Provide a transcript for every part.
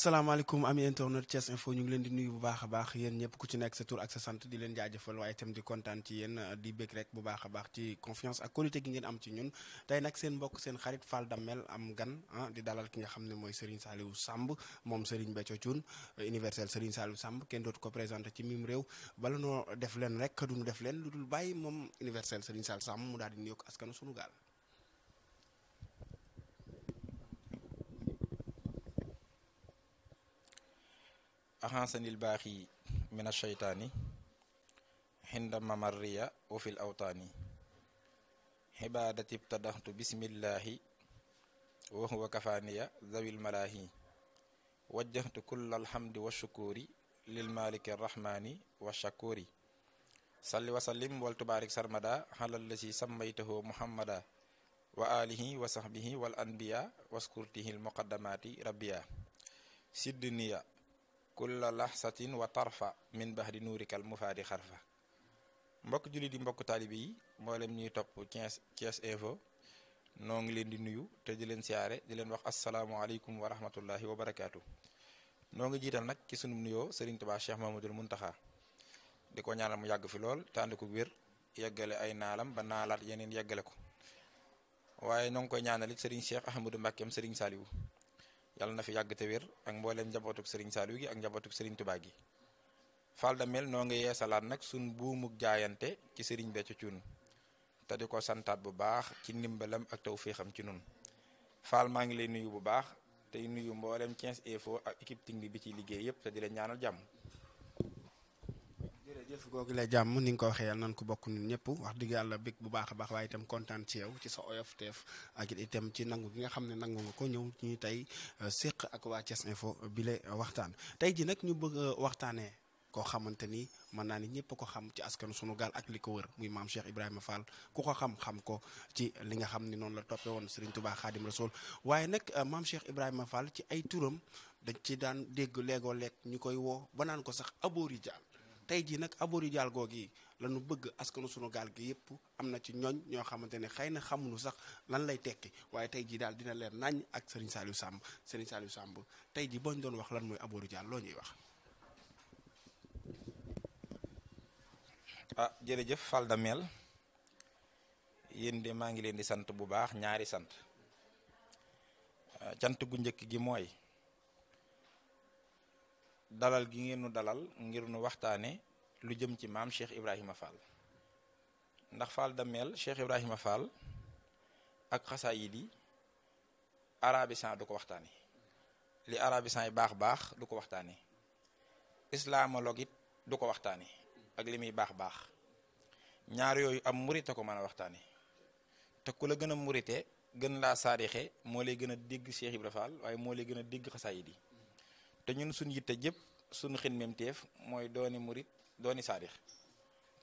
asalaamaaleykum ami internet Thiès Info ñu ngi leen di nuyu bu baax a baax yéen ñëpp ku ci nekk sa tur ak sa sant di leen jaajëfal waaye tam di kontaan ci yéen di bëgg rek bu baax a baax ci confiance ak qualité gi ngeen am ci ñun tey nag seen mbokk seen xarit Fall Damel am gan ah di dalal ki nga xam ne mooy Serigne Saliou sàmb moom Serigne Béthio Thioune universel Serigne Saliou sàmb kenn dootu ko présenté ci miim réew bala noo def leen rek duñu def leen lu dul bàyyi moom universel Serigne Saliou Samb mu daal di nuyoog askanu sunu axansanil baaxi min asheytaani xinda mamarriya wa fil awtaani xibaadati btadaxtu bismillahi wa huwa kafaaniya zawil malaahi wajjahtu kulla alhamdi wa shukuuri lil maaliki rahmaani wa shakuuri salli wa sallim wal sarmada xalallasi sammaytahu muhammada wa alihi wa sahbihi wal anbiya waskurtihi almuqaddamaati rabbiya kulla laxsatin wa tarfa min bahri nuurikal di xarfa mbokk jullit di mbokk taalibe yi mboolem ñuy topp Thiès Thiès noo ngi leen di nuyu te di leen siyaare di leen wax asalaamualeykum wa rahmatullahi wa barakaatu. noo ngi jiital nag ci sunu nuyoo Serigne Touba Cheikh Mamadul taxa di ko ñaanal mu yàgg fi lool tànd ko wér yeggale ay naalam ba naalaat yeneen yeggale ko waaye ñoo ngi koy ñaanal it Serigne Cheikh Ahmadou Mbackeem Serigne yàlla na fi yàgg te wér ak mbooleem njabootuk Serigne Saliou gi ak njabootuk Serigne Touba gi Fall mel noo ngi yeesalaat nag sun buumuk jaayante ci Serigne Béthio Thioune te di ko santaat bu baax ci ndimbalam ak tawféexam ci nun Fall maa ngi lay nuyu bu baax tey nuyu mbooleem 15 info ak équipe technique bi ci liggéey yëpp te di la ñaanal jàmm jërëjëf googu la jàmm ni nga ko waxee yàlla nañ ko bokk ñun ñëpp wax dëgg yàlla bég bu baax a baax waaye itam kontaan ci yow ci sa oyof teef ak itam ci nangu gi nga xam ne nangu nga ko ñëw ñu tey euh, séq ak waa Thiès Info bi euh, waxtaan tey ji nag ñu bëgg waxtaanee koo xamante ni mën naa ni ñëpp ko xam ci askan sunu gaal ak li ko wër muy maam Cheikh Ibrahima Fall ku ko xam-xam ko ci li nga xam ni noonu la toppe woon Serigne Touba Khadim Rasoul waaye nag euh, maam Cheikh Ibrahima Fall ci ay turam ci daan dégg léegoo leeg ñu koy woo ba tey jii nag abori jaal googu yi la bëgg askanu sunu gaal gi yëpp am na ci ñooñ ñoo xamante ne xëy na xamuñu sax lan lay tekki waaye tey jii daal dina leen nañ ak sëriñ Saliou sàmb Serigne Saliou Samb tey jii boo ñu doon wax lan mooy abori jaal loo ñuy wax. ah jërëjëf Fall Damel yéen de maa ngi leen di sant bu baax ñaari sant ah, cant gu njëkk gi mooy. dalal gi ngeen nu dalal ngir nu waxtaane lu jëm ci maam Cheikh Ibrahima Fall ndax Fall Damel Cheikh Ibrahima Fall ak xasaayid yi arabisan du ko waxtaane li arabisan yi baax baax du ko waxtaane islamologue it du ko waxtaane ak li muy baax baax ñaar yooyu am murite ko mën a waxtaane te ku la gën a murite gën laa saarixe moo lay gën a dégg Cheikh Ibrahima Fall waaye moo lay gën a dégg xasaayid yi te ñun suñ yitte jëpp suñ xin memteef mooy dooni murit dooni saadix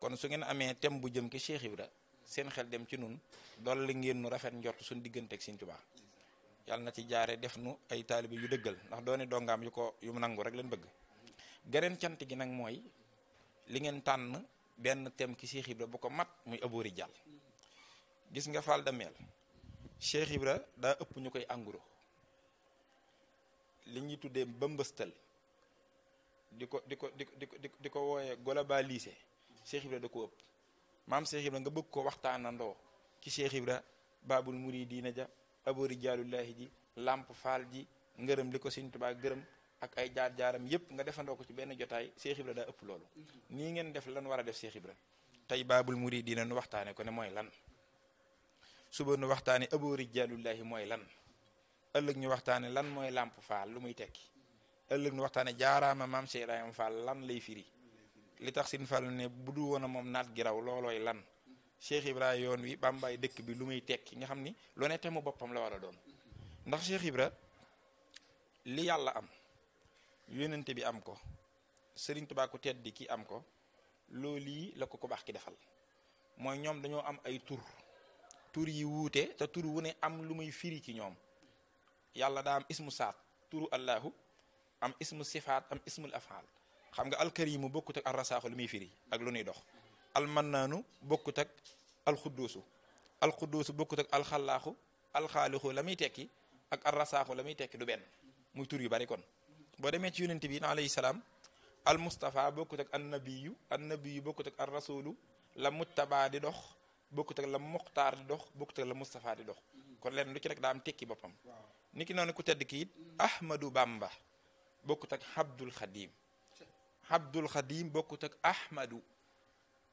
kon su ngeen amee thème bu jëm ki Cheikh Ibra seen xel dem ci nun la ngeen nu rafet njort suñ diggante ak Sëñ Tuubaa na ci jaare def nu ay taalibe yu dëggal ndax dooni dongaam yu ko yu mu nangu rek leen bëgg geneen cant gi nag mooy li ngeen tànn benn thème ki Cheikh Ibra bu ko mat muy abóori jàll gis nga Fall Dameel Cheikh Ibra daa ëpp ñu koy anguro li ñuy tuddee mbëmbëstal di ko di ko di ko di ko di ko wooyee globalisé Cheikh Ibra da ko ëpp maam Cheikh Ibra nga bëgg ko waxtaanandoo ci Cheikh Ibra baabul muridiina ja abori jaalullaahi ji làmp faal ji ngërëm li ko Sëñ Tuubaa gërëm ak ay jaar-jaaram yépp nga defandoo ko ci benn jotaay Cheikh Ibra daa ëpp loolu nii ngeen def lan war a def Cheikh Ibra tey baabul muridiina nu waxtaane ko ne mooy lan suba nu waxtaane abori jaalullaahi mooy lan ëllëg ñu waxtaane lan mooy làmp faal lu muy tekki ëllëg ñu waxtaane jaaraama maam Cheikh Ibrahima lan lay firi li tax sin Fall ne bu du woon a moom naat gi raw loolooy lan Cheikh Ibrahima yoon wi bàmbaay dëkk bi lu muy tekki nga xam ni lu ne te mu boppam la war a doon ndax Cheikh Ibra li yàlla am yónnante bi am ko Sëriñ Tuubaa ku ki am ko loolu yi la ko ko baax ki defal mooy ñoom dañoo am ay tur tur yi wuute te tur wu ne am lu muy firi ci ñoom yàlla daa am ismu saat turu allahu am ismu sifaat am ismul afaal xam nga alkarimu bokkut ak arrasaaxu lu muy firi ak lu nuy dox almannaanu bokkut ak alxudduusu alxudduusu bokkut ak alxallaaxu alxaalixu la muy tekki ak arrasaaxu la muy tekki du benn muy tur yu bari kon boo demee ci yonent bi alayhi salaam al Mustapha bokkut ak annabiyu annabiyu bokkut ak arrasulu la muttabaa di dox bokkut ak la muxtaar di dox bokkut la Mustapha di dox kon leen lu ci rek daam tekki boppam niki noonu ku tedd ki it Ahmadou Bamba bokkut ak Abdul Xadim Abdul Xadim bokkut ak Ahmadou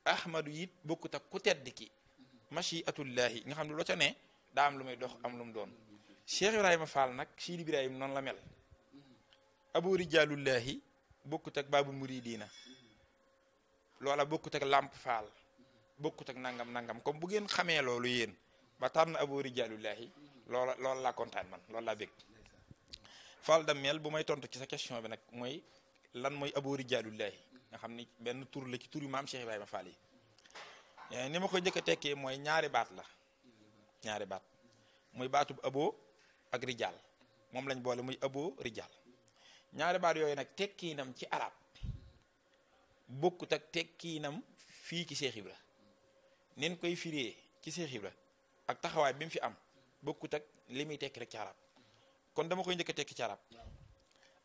Ahmadou it bokkut ak ku tedd ki machiatullahi nga xam ne loo ca ne daa am lu may dox am lu mu doon Cheikh Ibrahima Fall nag Sidi Ibrahima noonu la mel Abu Rijaalullahi bokkut ak Babu Muridina loola bokkut ak Lamp Fall bokkut ak nangam nangam comme bu ngeen xamee loolu yéen ba na Abu Rijaalullahi lool loola laa kontaan man loolu laa bég Fall Damel bu may tontu ci sa question bi nag mooy lan mooy aboo rijaalullaahi nga xam ni benn tur la ci tur yu maam Cheikh Ibrahima Fall yi eh, ni ma ko njëkk a tekkee mooy ñaari baat la ñaari baat muy baatub aboo ak rijaal moom lañ boole muy aboo rijaal ñaari baat yooyu nag nam ci arab bokkut ak tekkiinam fii ci Cheikh Ibra nin koy firee ci Cheikh Ibra ak taxawaay bi mu fi am bokkut ak li muy tekki rek ci arab kon dama koy njëkk a tekki ci arab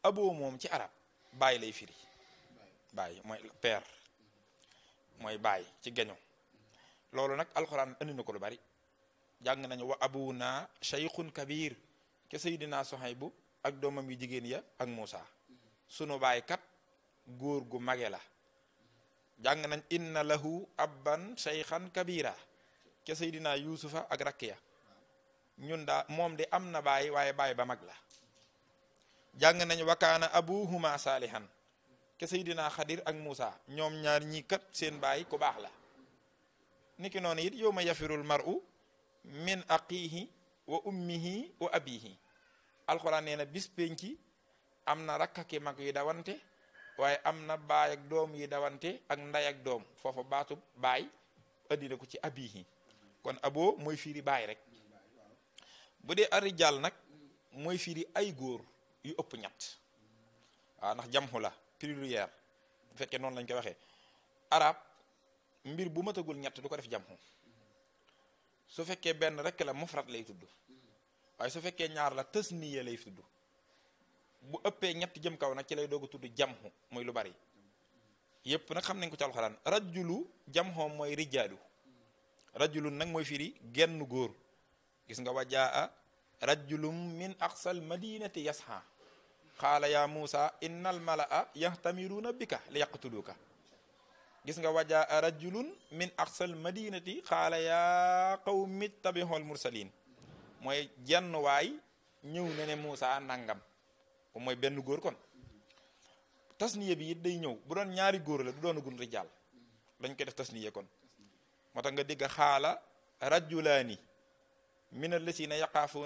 aboo moom ci arab bàyyi lay firi bàyyi mooy père mooy bàyyi ci geño loolu nag alxuraan andi na ko lu bari jàng nañu wa abuna shaykhun kabir ke Seydina Sohaybu ak doomam yu jigéen ya ak Muusa sunu baay kat góor gu mage la jàng nañ inna lahu abban shaykhan kabira ke Seydina Yuusufa ak rakk ya ñun daa moom de am na baay waaye baay ba mag la jàng nañ wakaana abuhuma saalihan ke Seydina Xadir ak muusa ñoom ñaar ñii kat seen baay ku baax la niki noonu it yow ma yafirul mar'u min aqihi wa ummihi wa abihi alxuraan nee bis penci am na rakk ki mag yi dawante waaye am na baay ak doom yi dawante ak nday ak doom foofa baatu baay andi ko ci abihi kon abo mooy fiiri baay rek bu dee arijaal nag mooy firi ay góor yu ëpp ñett waaw ndax jamxu la pluriel bu fekkee noonu lañ koy waxee arab mbir bu matagul ñett du ko def jamxu su fekkee benn rek la mufrat lay tudd waaye su fekkee ñaar la tasniya lay tudd bu ëppee ñett jëm kaw nag ci lay doog a tudd jamxu muy lu bari yëpp nag xam nañ ko ci alxuraan rajulu jamxoom mooy rijaalu rajulun nag mooy firi genn góor gis nga wajaa rajulum min aqsal madinati yasha xaala ya muusa innal malaa yahtamiruuna bika li yaqtuluuka gis nga wajaa rajulun min aqsal madinati xaala ya qawmi tabihol mursalin mooy jenn waay ñëw na ne muusa nangam bu mooy benn góor kon tasniye bi it day ñëw bu doon ñaari góor la du doon gun rijaal dañ koy def tasniye kon moo tax nga dégg xaala rajulaani min allasina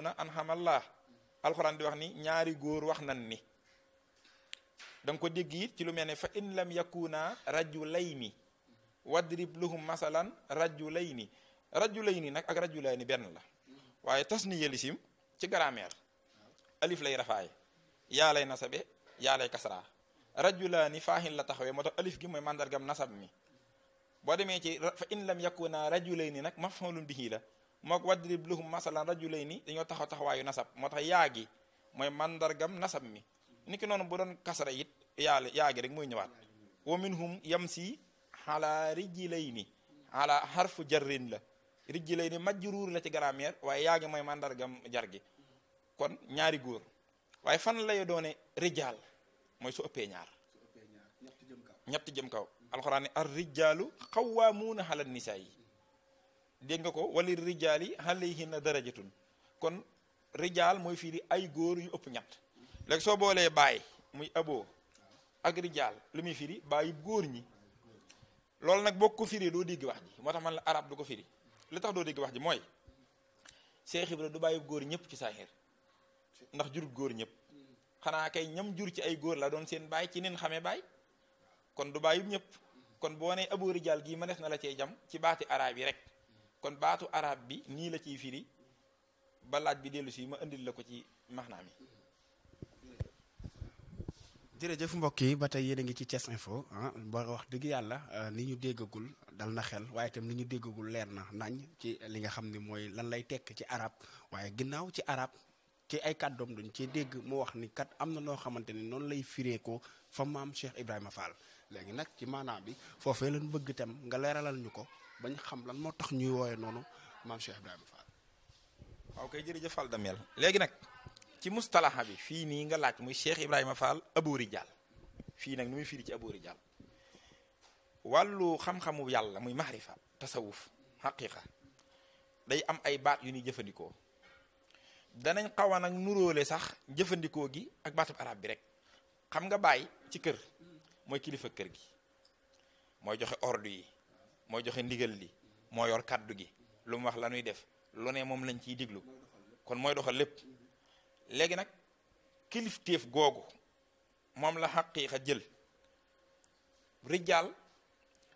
na anhamallah alxuraan di wax ni ñaari góor wax nan ni da nga ko dégg it ci lu mel ni fa in lam yakuna rajulayni wadrib lahum masalan rajulayni rajulayni nag ak ni benn la waaye tas ni yelisim ci grammaire alif lay rafaaye yaa lay nasabe yaa lay kasraa rajulaani faahin la taxawee moo tax alif gi mooy mandargam nasab mi boo demee ci fa in lam yakuna rajulayni nag maf'ulun bihi la moo ko wadrib lahum masalan ni dañoo taxaw taxawaayu nasab moo tax yaa gi mooy mandargam nasab mi niki noonu bu doon kasara it yaala yaa gi rek mooy ñëwaat wa minhum yam si ala rijlayni ala harfu jarrin la rijlayni majruur la ci garameer waaye yaa gi mooy mandargam jar gi kon ñaari góor waaye fan lay doone rijaal mooy su ëppee ñaar ñetti jëm kaw alxuraan ne ar rijaalu xawwaamuuna ala nisaa yi dégg nga ko rijaal yi yi wali na dara darajatun kon rijaal mooy firi ay góor yu ëpp ñett léegi soo boolee baay muy aboo ak rijaal lu muy firi baay góor ñi loolu nag boo ko firi doo dégg wax ji moo tax la arab du ko firi li tax doo dégg wax ji mooy Seex Ibra du bàyyi góor ñëpp ci saaxir ndax jurut góor ñëpp xanaa kay ñam jur ci ay góor la doon seen baay ci nin xamee baay kon du bàyyi ñëpp kon boo nee aboo rijaal gii ma des na la cee jam ci baati araab yi rek kon baatu araab bi nii la ciy firi ba bi dellu si ma indil la ko ci maxnaam yi jërëjëf mbokk yi ba tey yéen a ngi ci Thiès Info ah ba wax dëgg yàlla euh, ni ñu déggagul dal na xel waaye itam ni ñu déggagul leer na nañ ci li nga xam ni mooy lan lay tekk ci arab waaye ginnaaw ci arab ci ay kàddoom dañ cee dégg mu wax ni kat am na noo xamante ni noonu lay firee ko fa maam Cheikh Ibrahima Fall léegi nag ci maanaam bi foofee lan bëgg itam nga leeralal ñu ko bañ xam lan moo tax ñuy wooyee noonu maam Cheikh Ibrahima Fall. waaw kay jërëjëf Fall Damel léegi nag ci mustalaha bi fii nii nga laaj muy Cheikh Ibrahima Fall Abou Rijal fii nag nu muy ci Abou Rijal wàllu xam-xamu yàlla muy mahrifa tasawuf xaqiqa day am ay baat yu ñuy jëfandikoo danañ xaw a nag nuróole sax jëfandikoo gi ak baatab arab bi rek xam nga bàyyi ci kër mooy kilifa kër gi mooy joxe ordu yi mooy joxe ndigal li moo yor kàddu gi lu mu wax la ñuy def lu ne moom lañ ciy diglu kon mooy doxal lépp léegi nag kilifteef googu moom la xaqiiqa jël rijaal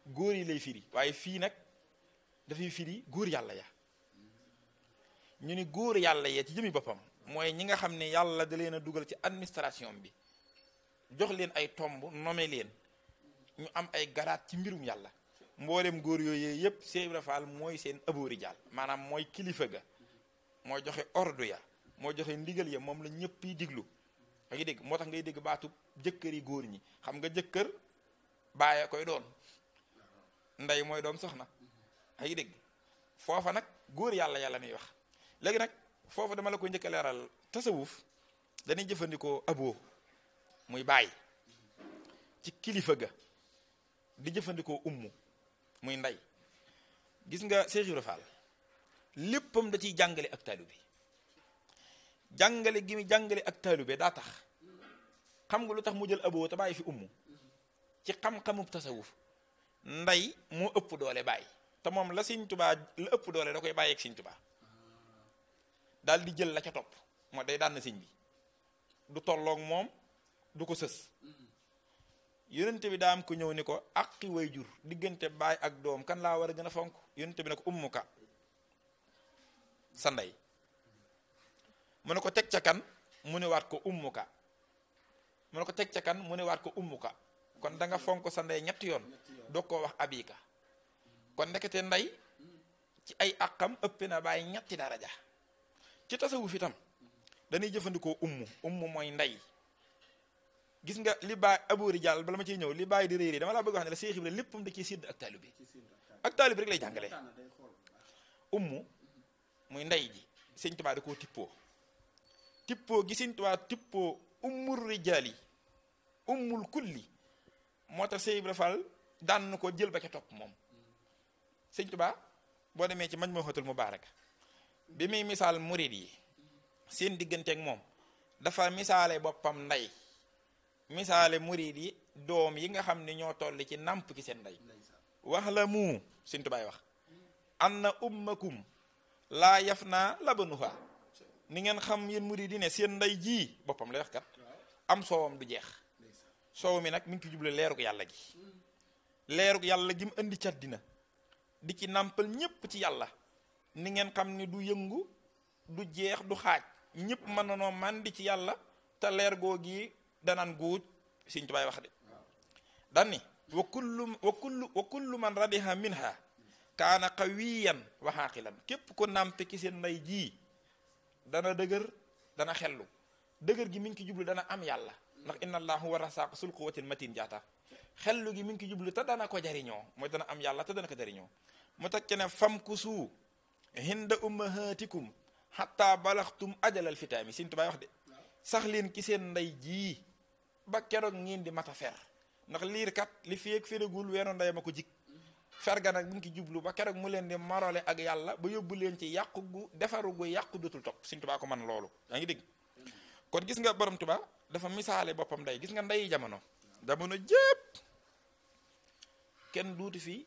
góor yi lay firi waaye fii nag dafay firi góor yàlla ya ñu ni góor yàlla ya ci jëmi boppam mooy ñi nga xam ne yàlla da leen a dugal ci administration bi jox leen ay tomb nome leen ñu am ay garaat ci mbirum yàlla mboolem góor yooyu yëpp Cheikh Ibra mooy seen abóori jaal maanaam mooy kilifa ga mooy joxe ordre ya moo joxe ndigal ya moom la ñëpp yi diglu da ngay dégg moo tax ngay dégg baatu jëkkër yi góor ñi xam nga jëkkër baaya koy doon ndey mooy doom soxna da ngay dégg foofa nag góor yàlla yàlla nuy wax léegi nag foofa dama la koy njëkk a leeral tasawuf dañuy jëfandikoo aboo muy bàyyi ci kilifa ga di jëfandikoo ummu muy nday gis nga Cheikh Ibra Fall léppam da ciy jàngale ak taalube jàngale gi mu jàngale ak taalube daa tax xam nga lu tax mu jël aboo te bàyyi fi ummu ci xam-xamu tasawuf nday moo ëpp doole bàyyi te moom la Sëñ Tubaa la ëpp doole da koy bàyyi ak Sëñ Tubaa daal di jël la ca topp moo day daan na sëñ bi du tolloog moom du ko sës yonent bi daa am ko ñëw ni ko aqi way jur diggante baay ak doom kan laa war a gën a fonk yonent bi ne ko ummuka sa ndey mu ne ko teg ca kan mu ne waat ko ummuka mu ko teg ca mu ne ko ummuka kon danga nga fonk sa ndey ñetti yoon doo koo wax abika kon ndekete ndey ci ay àqam ëpp na baay ñetti daraja ci tasawuf itam dañuy jëfandikoo ummu ummu mooy ndey gis nga li baay abu rijal bala ma ciy ñëw li baay di réer dama laa bëgg wax ne la Seex Ibra léppam da ciy sidd ak taalib bi ak taalib bi rek lay jàngale ummu muy ndey ji sëñ Tuubaa da koo tippoo tippoo gi sëñ Tuubaa tippoo ummul rijaal yi ummul kulli moo tax Seex Ibra daan na ko jël ba ca topp moom sëñ Tuubaa boo demee ci Majmuhatul Mubaaraka bi muy misaal murid yi seen diggante moom dafa misaale boppam ndey misaale murid yi doom yi nga xam ni ñoo toll ci nàmp ki seen ndey wax la mu Sëñ Tuubaa wax na ummakum laa yaf naa labanuha ni ngeen xam yéen murid yi ne seen ndey jii boppam la wax kat am soowam du jeex soow mi nag mi ngi ci juble leerug yàlla gi leerug yàlla gi mu indi ca àddina di ci nàmpal ñépp ci yàlla ni ngeen xam ni du yëngu du jeex du xaaj ñëpp mën nanoo màndi ci yàlla te leer goo danaan guuj Sëriñ Tuubaa wax de dan ni wa kullu wa kullu wa kullu man radiha minha kaana qawiyan wa xaaqilan képp ko namte ki seen nday ji dana dëgër dana xellu dëgër gi mi ngi ki jublu dana am yàlla ndax inna allah huwa rasaaq sul quwatin matin jaata xellu gi mi ngi ki jublu te dana ko jariñoo mooy dana am yàlla te dana ko jariñoo mu teg ne fam ku suu hinda ummahatikum xatta balaxtum ajalal fitaami Sëriñ Tuubaa wax de sax ki seen nday ji ba keroog ñiin di mat a fer ndax liir kat li feeg feragul weenu ndeyam a ko jig ga nag buñ ki jublu ba keroog mu leen di marole ak yàlla ba yóbbu leen ci yàqu gu defaru gu yàqu dutul topp Sëñ Tuubaa ko man loolu yaa ngi dégg kon gis nga borom Tuubaa dafa misaale boppam day gis nga ndeyi jamono jamono jépp kenn duuti fi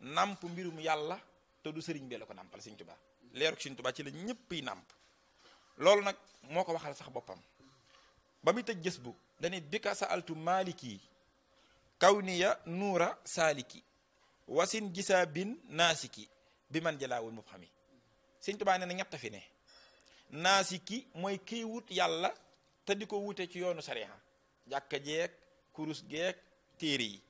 nàmp mbirum yàlla te du sëriñ bi la ko nàmpal Sëñ Tuubaa leeruk Sëñ Tuubaa ci la ñëpp yi nàmp loolu nag moo ko waxal sax boppam ba muy tëj jës bu dani bi ka sa altu maaliki kawniya nuura saaliki wasin gisaa bin naasiki bi man jalaawul mu xam yi sëñ Tuubaa nee na ñett fi ne naasiki mooy kiy wut yàlla te di ko wute ci yoonu sariha jàkka jeeg kurus geeg téere yi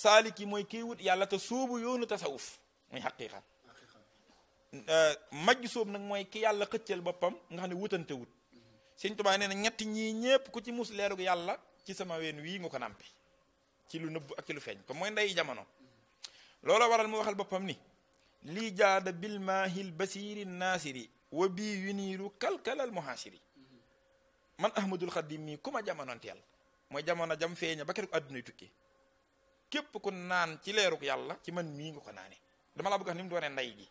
saaliki mooy kiy wut yàlla te soobu yoonu tasawuf muy xaqiiqa euh, majj sóob nag mooy ki yàlla xëccal boppam nga xam ne wutante wut sëñ Tuubaa nee na ñetti ñii ñépp ku ci mus leerug yàlla ci sama ween wii nga ko nàmpe ci lu nëbb ak ci lu feeñ comme mooy ndeyi jamono loola waral mu waxal boppam ni lii jaada bilmaahil basiiri naasiri wa bii yu niiru kalkalal muhaasiri man ahmadul xadim mii ku ma jamonoonteel mooy jamono jam feeña ba keroog àddunay tukki képp ku naan ci leerug yàlla ci man mii nga ko naane dama laa bëgg a xam ni mu doonee ndey gi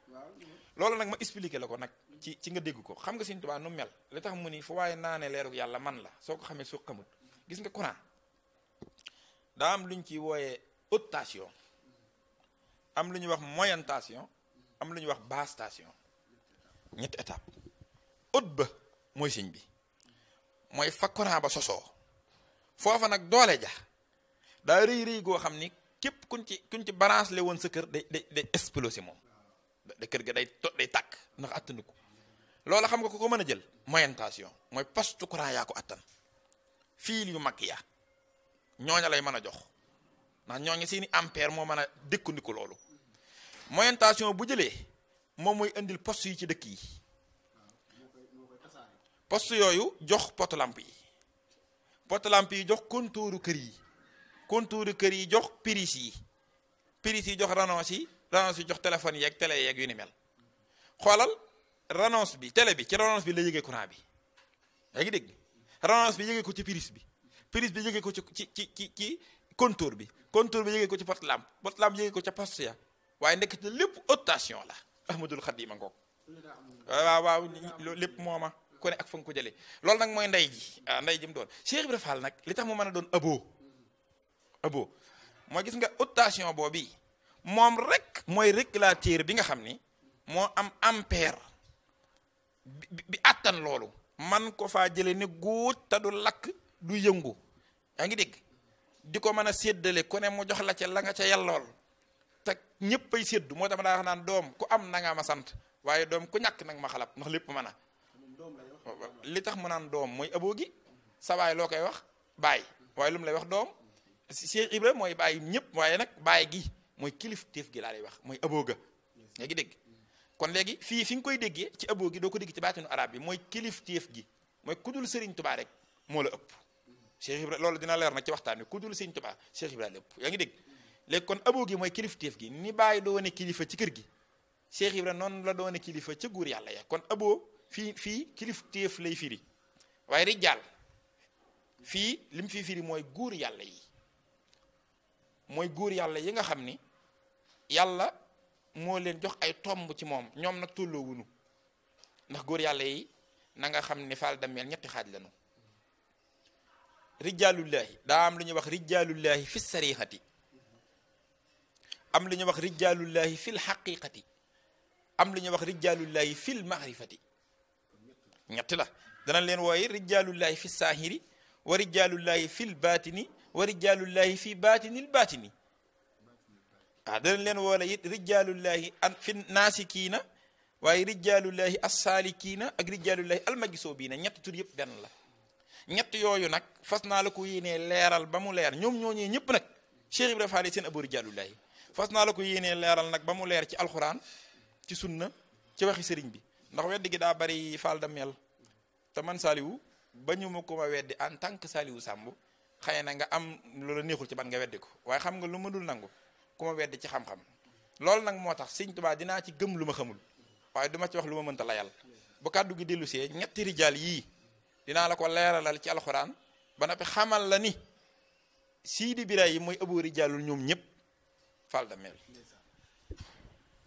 loolu nag ma expliqué la ko nag ci ci nga dégg ko xam nga Sëñ Tuubaa nu mel li tax mu ni fu waaye naane leeru yàlla man la soo ko xamee soo xamut gis nga courant daa am lu ñu ciy wooye haute tension am lu ñuy wax moyentation am lu ñuy wax basse tension ñetti étape haute ba mooy sëñ bi mooy fa courant ba sosoo foofa nag doole ja daa rëy rëy goo xam ni képp kuñ ci kuñ ci branche le woon sa kër day day day explosé moom da kër ga day to day tàkk ndax attanu ko loola xam nga ku ko mën a jël moyentation mooy poste courant yaa ko attan fiil yu mag ya ñooña lay mën a jox ndax ñooña seeni ampère moo mën a dëkkandiku loolu moyentation bu jëlee moom mooy indil poste yi ci dëkk yi poste yooyu jox pot lamp yi pot yi jox contouru kër yi contouru kër yi jox piris yi piris yi jox ranons yi renonce bi jox téléphone yeeg télé yeeg yu ni mel xoolal renonce bi télé bi ci renonce bi la yëgee courant bi yaa ngi dégg renonce bi yëgee ko ci prise bi prise bi yëgee ko ci ci ci ci ci contour bi contour bi yëgee ko ci porte lampe porte lampe yëgee ko ca poste ya waaye ndekk lépp otation la ahmadul ma ngoog waaw waaw lépp mooma ku ne ak fa nga ko jëlee loolu nag mooy nday ji ah ndey ji mu doon Cheikh Ibra Fall nag li tax mu mën a doon abo abo gis nga otation boobu moom rek mooy régulateur bi nga xam ni moo am ampère bi àttan loolu man ko faa jële ni guut te du lakk du yëngu yaa ngi dégg di ko mën a séddale ku ne mu jox la ce langa nga ca yellool te ñëpp ay séddu moo dama daa wax naan doom ku am na ma sant waaye doom ku ñàkk nag ma xalab ndax lépp mën a li tax mu naan doom mooy aboo gi sa waay loo koy wax baay waaye lu lay wax doom Cheikh Ibrahima mooy baay ñëpp waaye nag baay gi mooy kilifteef gi laa lay wax mooy abooga nga ngi dégg kon léegi fii fi nga koy déggee ci aboo gi doo ko dégg ci baatinu araab bi mooy kilifteef gi mooy kudul Serigne tubaa rek moo la ëpp Cheikh Ibra loolu dina leer nag ci waxtaan wi kudul Serigne Touba Cheikh Ibra la ëpp yaa ngi dégg léegi kon aboo gi mooy kilifteef gi ni bàyyi doone kilifa ci kër gi Cheikh Ibra noonu la doone kilifa ci guur yàlla ya kon aboo fii fii kilifteef lay firi waaye rijaal fii lim fi firi mooy guur yàlla yi mooy guur yàlla yi nga xam ni yàlla moo leen jox ay tomb ci moom ñoom nag tolloo ndax góor yàlla yi na nga xam ne faal dammeel ñetti xaaj lañu rijaalullaahi daa am lu ñuy wax rijaalullaahi fi sarixati am lu ñuy wax rijaalullaahi fil xaqiqati am lu ñuy wax rijaalullaahi fil maarifati ñetti la dana leen wooye rijaalullaahi fi saahiri wa rijaalullaahi fil baatini wa rijaalullaahi fi baatinil baatini ah danañ leen woola it rijaalullahi an fi naasikiina waaye rijaalullahi assaalikiina ak rijaalullahi almajsoobiina ñett tur yëpp benn la ñett yooyu nag fas naa la ko yéenee leeral ba mu leer ñoom ñooñee ñëpp nag Cheikh Ibrahima Fall seen abu rijaalullahi fas naa la ko yéenee leeral nag ba mu leer ci alxuraan ci sunna ci waxi sëriñ bi ndax weddi gi daa bari Fall da mel te man Saliou ba ñu ma ko ma weddi en tant que Saliou Samb xëy na nga am loola neexul ci ban nga weddi ko waaye xam nga lu ma nangu. ku ma wedd ci xam-xam loolu nag moo tax sëñ Tuubaa dinaa ci gëm lu ma xamul waaye duma ci wax lu ma mënta yàlla bu kàddu gi dellu see ñetti rijaal yii dinaa la ko leeralal ci alxuraan ba noppi xamal la ni siidi biraay yi mooy ëboo rijaalul ñoom ñëpp fal da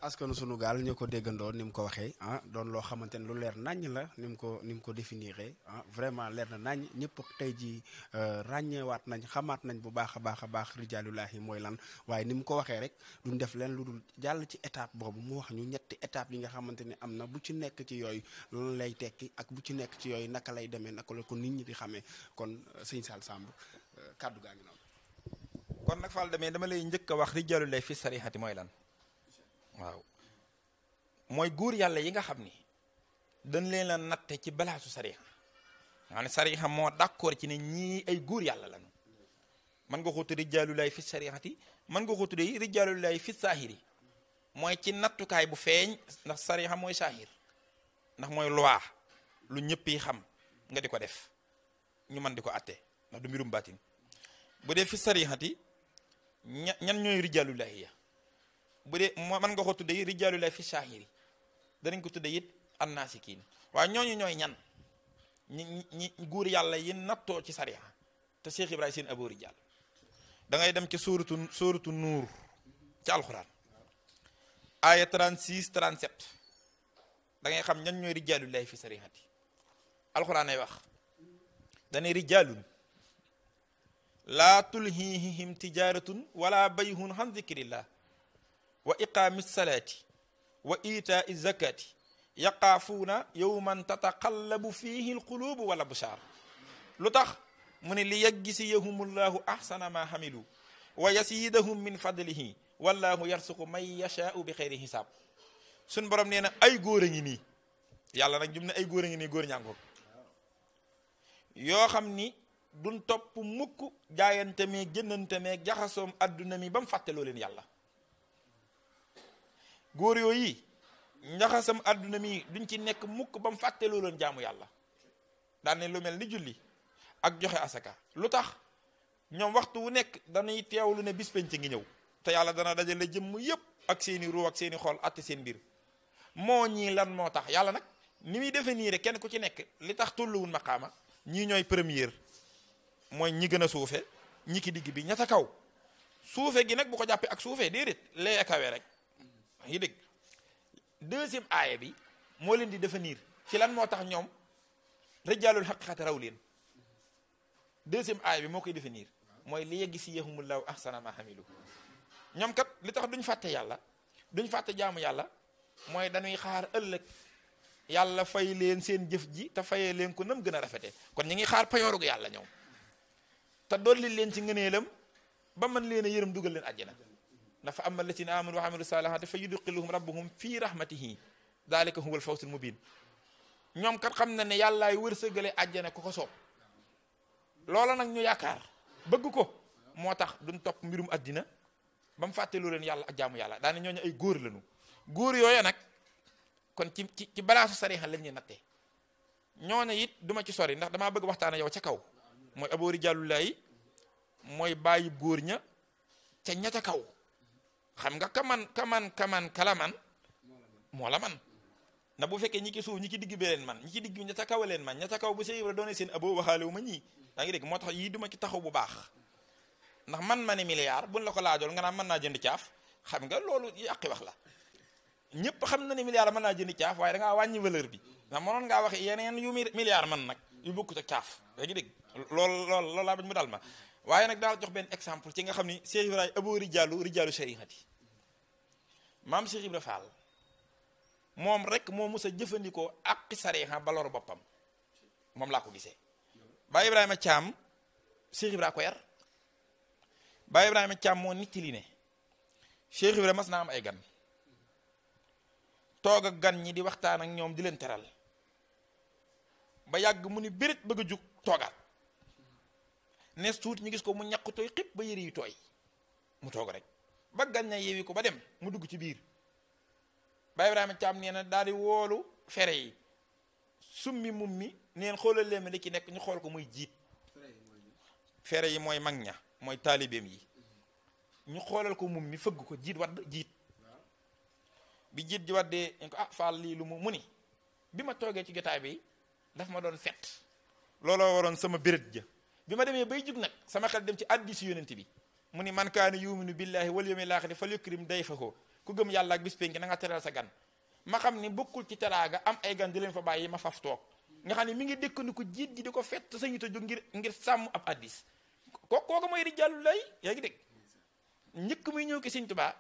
askanu sunu gaal ñu ko déggandoo ni mu ko waxee ah doon loo xamante ne lu leer naññ la ni ko ni mu ko définir ah vraiment leer na naññ ñëpp ji jii euh, ràññeewaat nañ xamaat nañ bu baax a baax a baax rijaalulaahi mooy lan waaye ni mu ko waxee rek duñ def leen lu dul jàll ci étape boobu mu wax ñu ñetti étape yi nga xamante ne am na bu ci nekk ci yooyu lan lay tekki ak bu ci nekk ci yooyu naka lay demee naka la ko nit ñi di xamee kon euh, sëñ Sall Samb euh, kàddu gaa ngi noonu kon nag Fall demee dama lay njëkk a wax rijaalulaahi fi sarihati mooy lan waaw mooy góor yàlla yi nga xam ni dañ leen a natte ci balaasu sariya maa ne sariya moo d'accord ci ne ñii ay góor yàlla lañu mën nga ko tuddee rijaalulaay fi sariyaati mën nga ko tuddee rijaalulaay fi saahiri mooy ci nattukaay bu feeñ ndax sariya mooy saahir ndax mooy loi lu ñëpp xam nga di ko def ñu mën di ko atte ndax du mbirum baatin bu dee fi sariyaati ñan ñooy rijaalulaay ya bu dee man nga ko tudde yi rijaalu fi fi saahiri danañ ko tudde it annaasikiin waa ñooñu ñooy ñan ñi ñi guur yàlla yi nattoo ci sariya te Cheikh Ibrahima seen aboo rijaal da ngay dem ci suuratu suuratu nuur ci alxuraan aaya 36 37 da ngay xam ñan ñooy rijaalu lay fi sarihati alxuraan ay wax dane rijaalun laa tulhiihim tijaaratun wala bayhun han zikrillah wa iqaami salaati wa itaai zakati yaqaafuuna yowman tataqallabu fiihi alquluubu wala busaar lu tax mu ne li yajziyahum llahu ahsana ma hamilu wa yasidahum min fadlihi wallahu yarsuqu man yashaau bi xeyri hisaab suñ borom nee na ay góor a ngi nii yàlla nag jum ne ay góor a ngi nii góor ñàngoog yoo xam ni duñ topp mukk jaayante meeg jëndante meeg jaxasoom adduna mi ba mu fàtte loo leen yàlla góor yooyu njaxasam àdduna mi duñ ci nekk mukk ba mu fàtte loo leen jaamu yàlla daan ne lu mel ni julli ak joxe asaka lu tax ñoom waxtu wu nekk dañuy teewlu ne bis ngi ñëw te yàlla dana dajale jëmm yépp ak seeni ruu ak seeni xol àtte seen mbir moo ñii lan moo tax yàlla nag ni muy defee nii rek kenn ku ci nekk li tax tolluwul maqaama ñii ñooy premiere mooy ñi gën a suufe ñi ki digg bi ña ca kaw suufe gi nag bu ko jàppee ak suufee déedéet lee rek wax ngi dégg deuxième aaya bi moo leen di définir ci lan moo tax ñoom rijaalul xaqiqati raw leen deuxième aaya bi moo koy niir mooy li yegg si law ahsana ma hamilu ñoom kat li tax duñ fàtte yàlla duñ fàtte jaamu yàlla mooy dañuy xaar ëllëg yàlla fay leen seen jëf ji te fayee leen ko nam gën a rafete kon ñu ngi xaar payoorug yàlla ñoom te dolli leen ci ngëneelam ba mën leen a yërëm dugal leen àjjana ndax fa ama allatina amanu wa amilu salihati fa yudxiluhum rabbuhum fii rahmatihi dalika huwa alfawsul mubin ñoom kat xam na ne yàllaay wërsëgale àjjana ku ko soob loola nag ñu yaakaar bëgg ko moo tax duñ topp mbirum àddina ba mu fàtteloo leen yàlla ak jaamu yàlla daane ñooñu ay góor lañu góor yooya nag kon ci ci ci balaasu sariha lañ ñu nattee ñooñu it duma ci sori ndax damaa bëgg waxtaan yow ca kaw mooy aboori jàllulaay mooy bàyyi góor ña ca ca kaw xam nga kaman kaman kaman kalaman moo la man na bu fekkee ñi ki suuf ñi ki digg bi leen man ñi ci digg ña ca kaw a leen man ña ca kaw bu Cheikh Ibra doone seen abo waxaale wu ma ñii daa ngi dégg moo tax yii duma ci taxaw bu baax ndax man ma ne milliard buñ la ko laa laajool nga naan mën naa jënd caaf xam nga loolu yàqi wax la ñëpp xam na ne milliard mën naa jënd caaf waaye da wàññi valeur bi ndax mënoon ngaa wax yeneen yu milliard man nag yu bokkut ak caaf yaa ngi dégg loolu loolu loolu laa bañ mu dal ma waaye nag daal jox benn exemple ci nga xam ni Cheikh Ibrahima abo rijaalu rijaalu shariati maam Cheikh Ibra moom rek moo mës a jëfandikoo àqi sariha ba boppam moom laa ko gisee Baay Ibrahima Thiam Cheikh Ibra ko yar Baay Ibrahima Thiam moo nittali ne Cheikh Ibra mas naa am ay gan toog ak gan ñi di waxtaan ak ñoom di leen teral ba yàgg mu ni bérit bëgg a jug toogaat nees tuuti ñu gis ko mu ñàkk tooy xib ba yëre yu tooy mu toog rek ba gànna yeewi ko ba dem mu dugg ci biir ba Ibrahima Thiam nee na daal di woolu fere yi summi mum mi neen xoolal leen li ci nekk ñu xool ko muy jiit fere yi mooy mag ña mooy taalibeem yi ñu xoolal ko mum fëgg ko jiit wadd jiit bi jiit ji waddee ñu ko ah faal lii lu mu mu ni bi ma toogee ci jotaay bi daf ma doon fet looloo waroon sama béréb ja bi ma demee bay jug nag sama xel dem ci addisu yonent bi mu ni man kaana yuminu billahi wal yawmil axiri fal yukrim dayfahu ku gëm yàlla ak bis a na nga teral sa gan ma xam ni bokkul ci teraaga am ay gan di leen fa bàyyi ma faf toog nga xam ne mi ngi dëkkandiku jiit di di ko fett sañu ta jóg ngir ngir sàmm ab addis ko kooku mooy rijaalu lay yaa ngi dégg njëkk muy ñëw ki Sëñ Tuubaa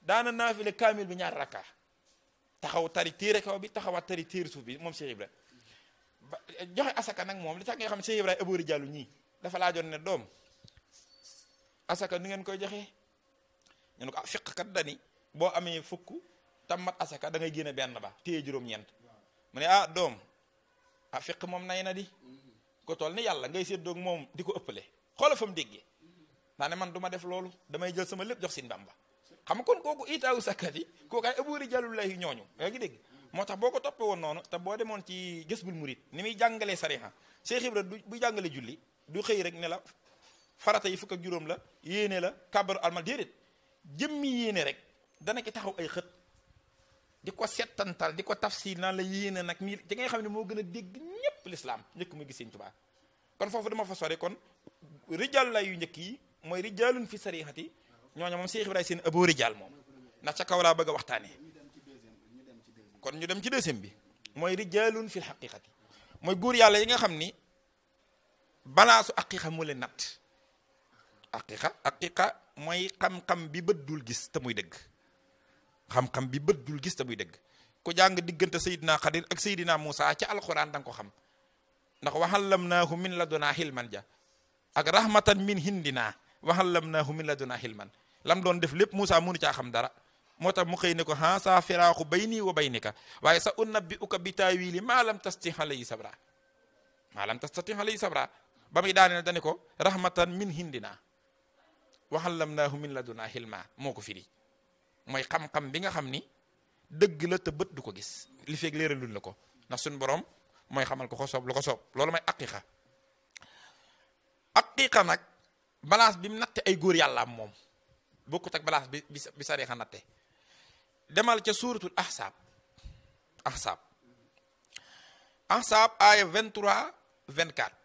daana naafile kaamil bi ñaar rakka taxaw tari téere kaw bi taxawaat tari téere suuf bi moom Cheikh Ibra joxe nag moom li tax nga xam Cheikh Ibra ëbóori jàllu ñii dafa laajoon ne doom asaka ni ngeen koy joxe ñu ko ah fiq kat dani boo amee fukk tammat asaka da ngay génne benn ba téye juróom-ñeent mu ne ah doom ah fiq moom nay na di ko toll ni yàlla ngay séddoog moom di ko ëppale xoola fa mu déggee daa ne man du def loolu damay jël sama lépp jox sin bamba xam nga kon kooku itaawu sakkat yi kooku ay aburi jàllul lay ñooñu yaa ngi dégg moo tax boo ko toppee woon noonu te boo demoon ci gës bul murit ni muy jàngalee sariha Cheikh Ibra du bu jàngale julli du xëy rek ne la farata yi fukk ak juróom la yéene la kàbbaru almal déedéet jëmmi yéene rek dana ci taxaw ay xët di ko settantal di ko tafsir naan la yéene nag nii ci ngay xam ne moo gën a dégg ñépp lislaam njëkk mu gis Sëñ Tuubaa kon foofu dama fa sore kon rijal la yu njëkk yi mooy rijalun fi sarihati ñooñu moom Cheikh Ibrahima seen abo rijal moom ndax ca kaw laa bëgg a kon ñu dem ci deuxième bi mooy rijalun fi l yàlla yi nga xam ni balaasu aqiqa moo leen natt aqiqa aqiqa mooy xam-xam bi bët dul gis te muy dëgg xam-xam bi bët dul gis ta muy dëgg ku jàng diggante Seydina Xadir ak Seydina Moussa ci alxuraan da nga ko xam ndax waxallamnaahu min ladunaa xilman ja ak rahmatan min hindina waxallamnaahu min ladunaa xilman lam doon def lépp Moussa mënu caa xam dara moo tax mu xëy ne ko ha saa firaaxu bayni wa baynika waaye sa unabbi uka bi taawili maa lam tastati alayhi sabra maa lam tastati alayhi sabra ba muy daaneel dani ko rahmatan min hindina waxallamnaahu min ladunaa hilma moo ko firi mooy xam-xam bi nga xam ni dëgg la te bët du ko gis li feeg leeralul la ko ndax suñu boroom mooy xamal ko ko soob lu ko soob loolu may aqiqa aqiqa nag balance bi mu natte ay góor yàllaam moom bokkut ak balance bi bi sariixa natte demal ca suuratul ahsaab ahsaab ahsaab aaya 23 24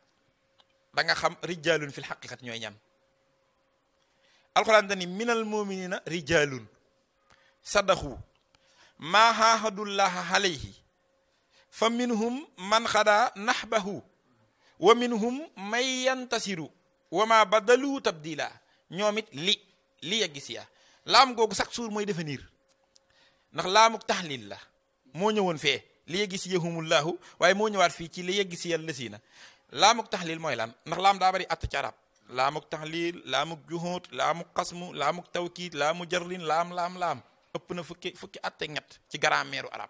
da nga xam rijalun fil xaqiqat ñooy ñan alquran dani minal muminina rijalun sadaxu maa hahadullaha alayhi fa minhum man xada naxbahu wa minhum may yantasiru wa ma badalu tabdila ñoom it li li yegg laam googu chaque jour mooy définir ndax laamuk taxlil la moo ñëwoon fee li yegg si yahumullahu waaye moo ñëwaat fii ci li yegg si yàlla laamuk taxliil mooy lan ndax laam daa bari att ci arab laamuk taxliil laamuk juhuut laamuk xasmu laamuk tawkiid laamu jarlin laam laam laam ëpp na fukki fukki atte ñett ci grammaire u arab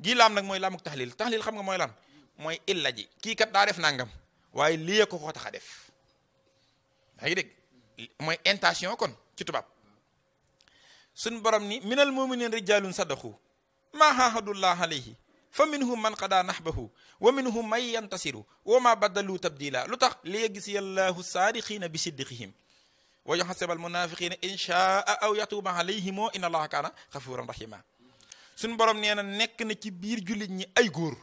gii laam nag mooy laamuk taxliil taxliil xam nga mooy lan mooy illa ji kii kat daa def nangam waaye lii ko ko tax a def yaa ngi dégg mooy intention kon ci tubaab sun borom ni minal mu'miniina rijaalun sadaqu maa aahadu llaaha alayhi fa minhum man qadaa nahbahu wa minhum man yantasiru wa ma baddalu tabdila lu tax li yegsi allahu saadiqina bi siddiqihim wa yuhasib almunafiqina in shaa aw yatuuba alayhimoo inna allaha kaana xafuran rahima suñ borom nee na nekk na ci biir jullit ñi ay góor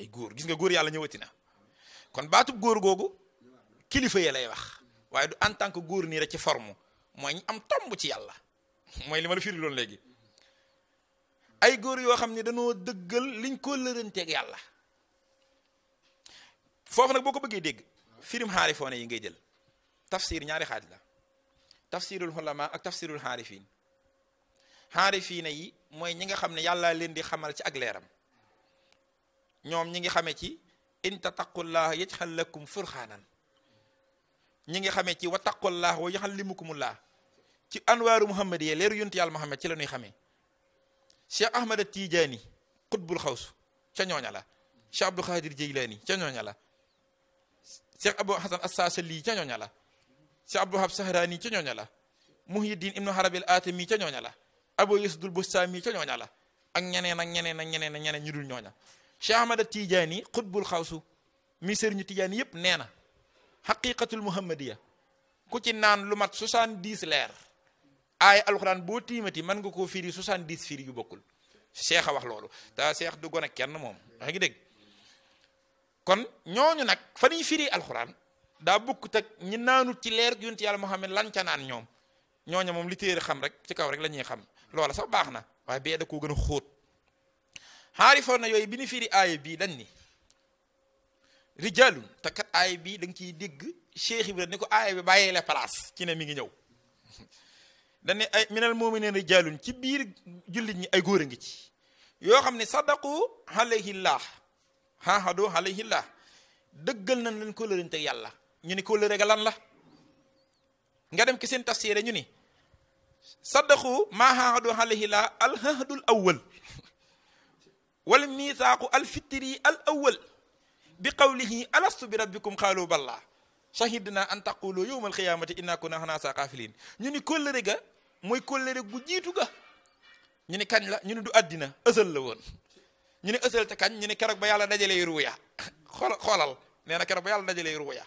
ay góor gis nga góor yàlla ñëwati na kon baatub góor googu kilifa ya lay wax waaye du en tant que góor nii rek ci forme mooy ñu am tomb ci yàlla mooy li ma la firi loon léegi ay góor yoo xam ne dañoo dëggal liñ ko lërënteeg yàlla foofu nag boo ko bëggee dégg firim xaarifoone yi ngay jël tafsir ñaari xaaj la tafsirul xulama ak tafsirul xaarifin xaarifiina yi mooy ñi nga xam ne yàlla leen di xamal ci ak leeram ñoom ñi ngi xamee ci inta in tattaqullaah yajxal lakum furxaanan ñi ngi xamee ci wa taqullaah wa yaxal limukumullah ci anwaaru muhammad yee leeru yunti yàlla muhammad ci la ñuy xame Cheikh Ahmed Tidiane Qutbul Xawsu ca ñooña la Cheikh Abdou Khadir Jeylaani ca ñooña la Cheikh Abou Hasan Assasali ca ñooña la Cheikh Abdou Hab Sahraani ca ñooña la Muhyiddin Ibnu Harabil Atami ca ñooña la Abou Yasdul Bustami ca ñooña la ak ñeneen ak ñeneen ak ñeneen ak ñeneen ñu dul ñooña Cheikh Ahmed Tidiane Qutbul Xawsu mi sëriñu Tidiane yépp nee na xaqiqatul muhammadiya ku ci naan lu mat soixante-dix leer aaya alxuraan boo tiimati mën nga koo firi soixante-dix firi yu bokkul seex a wax loolu daa seex du gone kenn moom yaa ngi dégg kon ñooñu nag fa ñuy firi alxuraan daa bukk teg ñi naanut ci leer yonent yàlla Muhammad lan ca naan ñoom ñooña moom li téere xam rek ci kaw rek lañuy xam loola sax baax na waaye bee da koo gën a xóot xaarifoon na yooyu bi ñu firi aaya bii dañ ni rijaalun te kat aaya bii da nga ciy dégg Cheikh Ibrahima ni ko aaya bi bàyyee la place ci ne mi ngi ñëw dañ ne ay minal mu'minina rijaalun ci biir jullit ñi ay góor a ngi ci yoo xam ne sadaqu alayhillah ahadu alayhillah dëggal nañ lan kóllëreente yàlla ñu ni kóllëre ga lan la nga dem ki seen tafsir ñu ni sadaqu ma ahadu alayhillah al ahdul awwal wal miisaaqu al fitri al awwal bi qawlihi alastu bi rabbikum qaalu ballaa shahidna an taqulu yawma alqiyamati inna kunna xanaa saa qaafiliin ñu ni mooy kóllëre gu jiitu ga ñu ni kañ la ñu ni du àddina ësal la woon ñu ni ësal ca kañ ñu ni keroog ba yàlla dajalee ruuya xool xoolal nee na keroog ba yàlla dajalee ruuya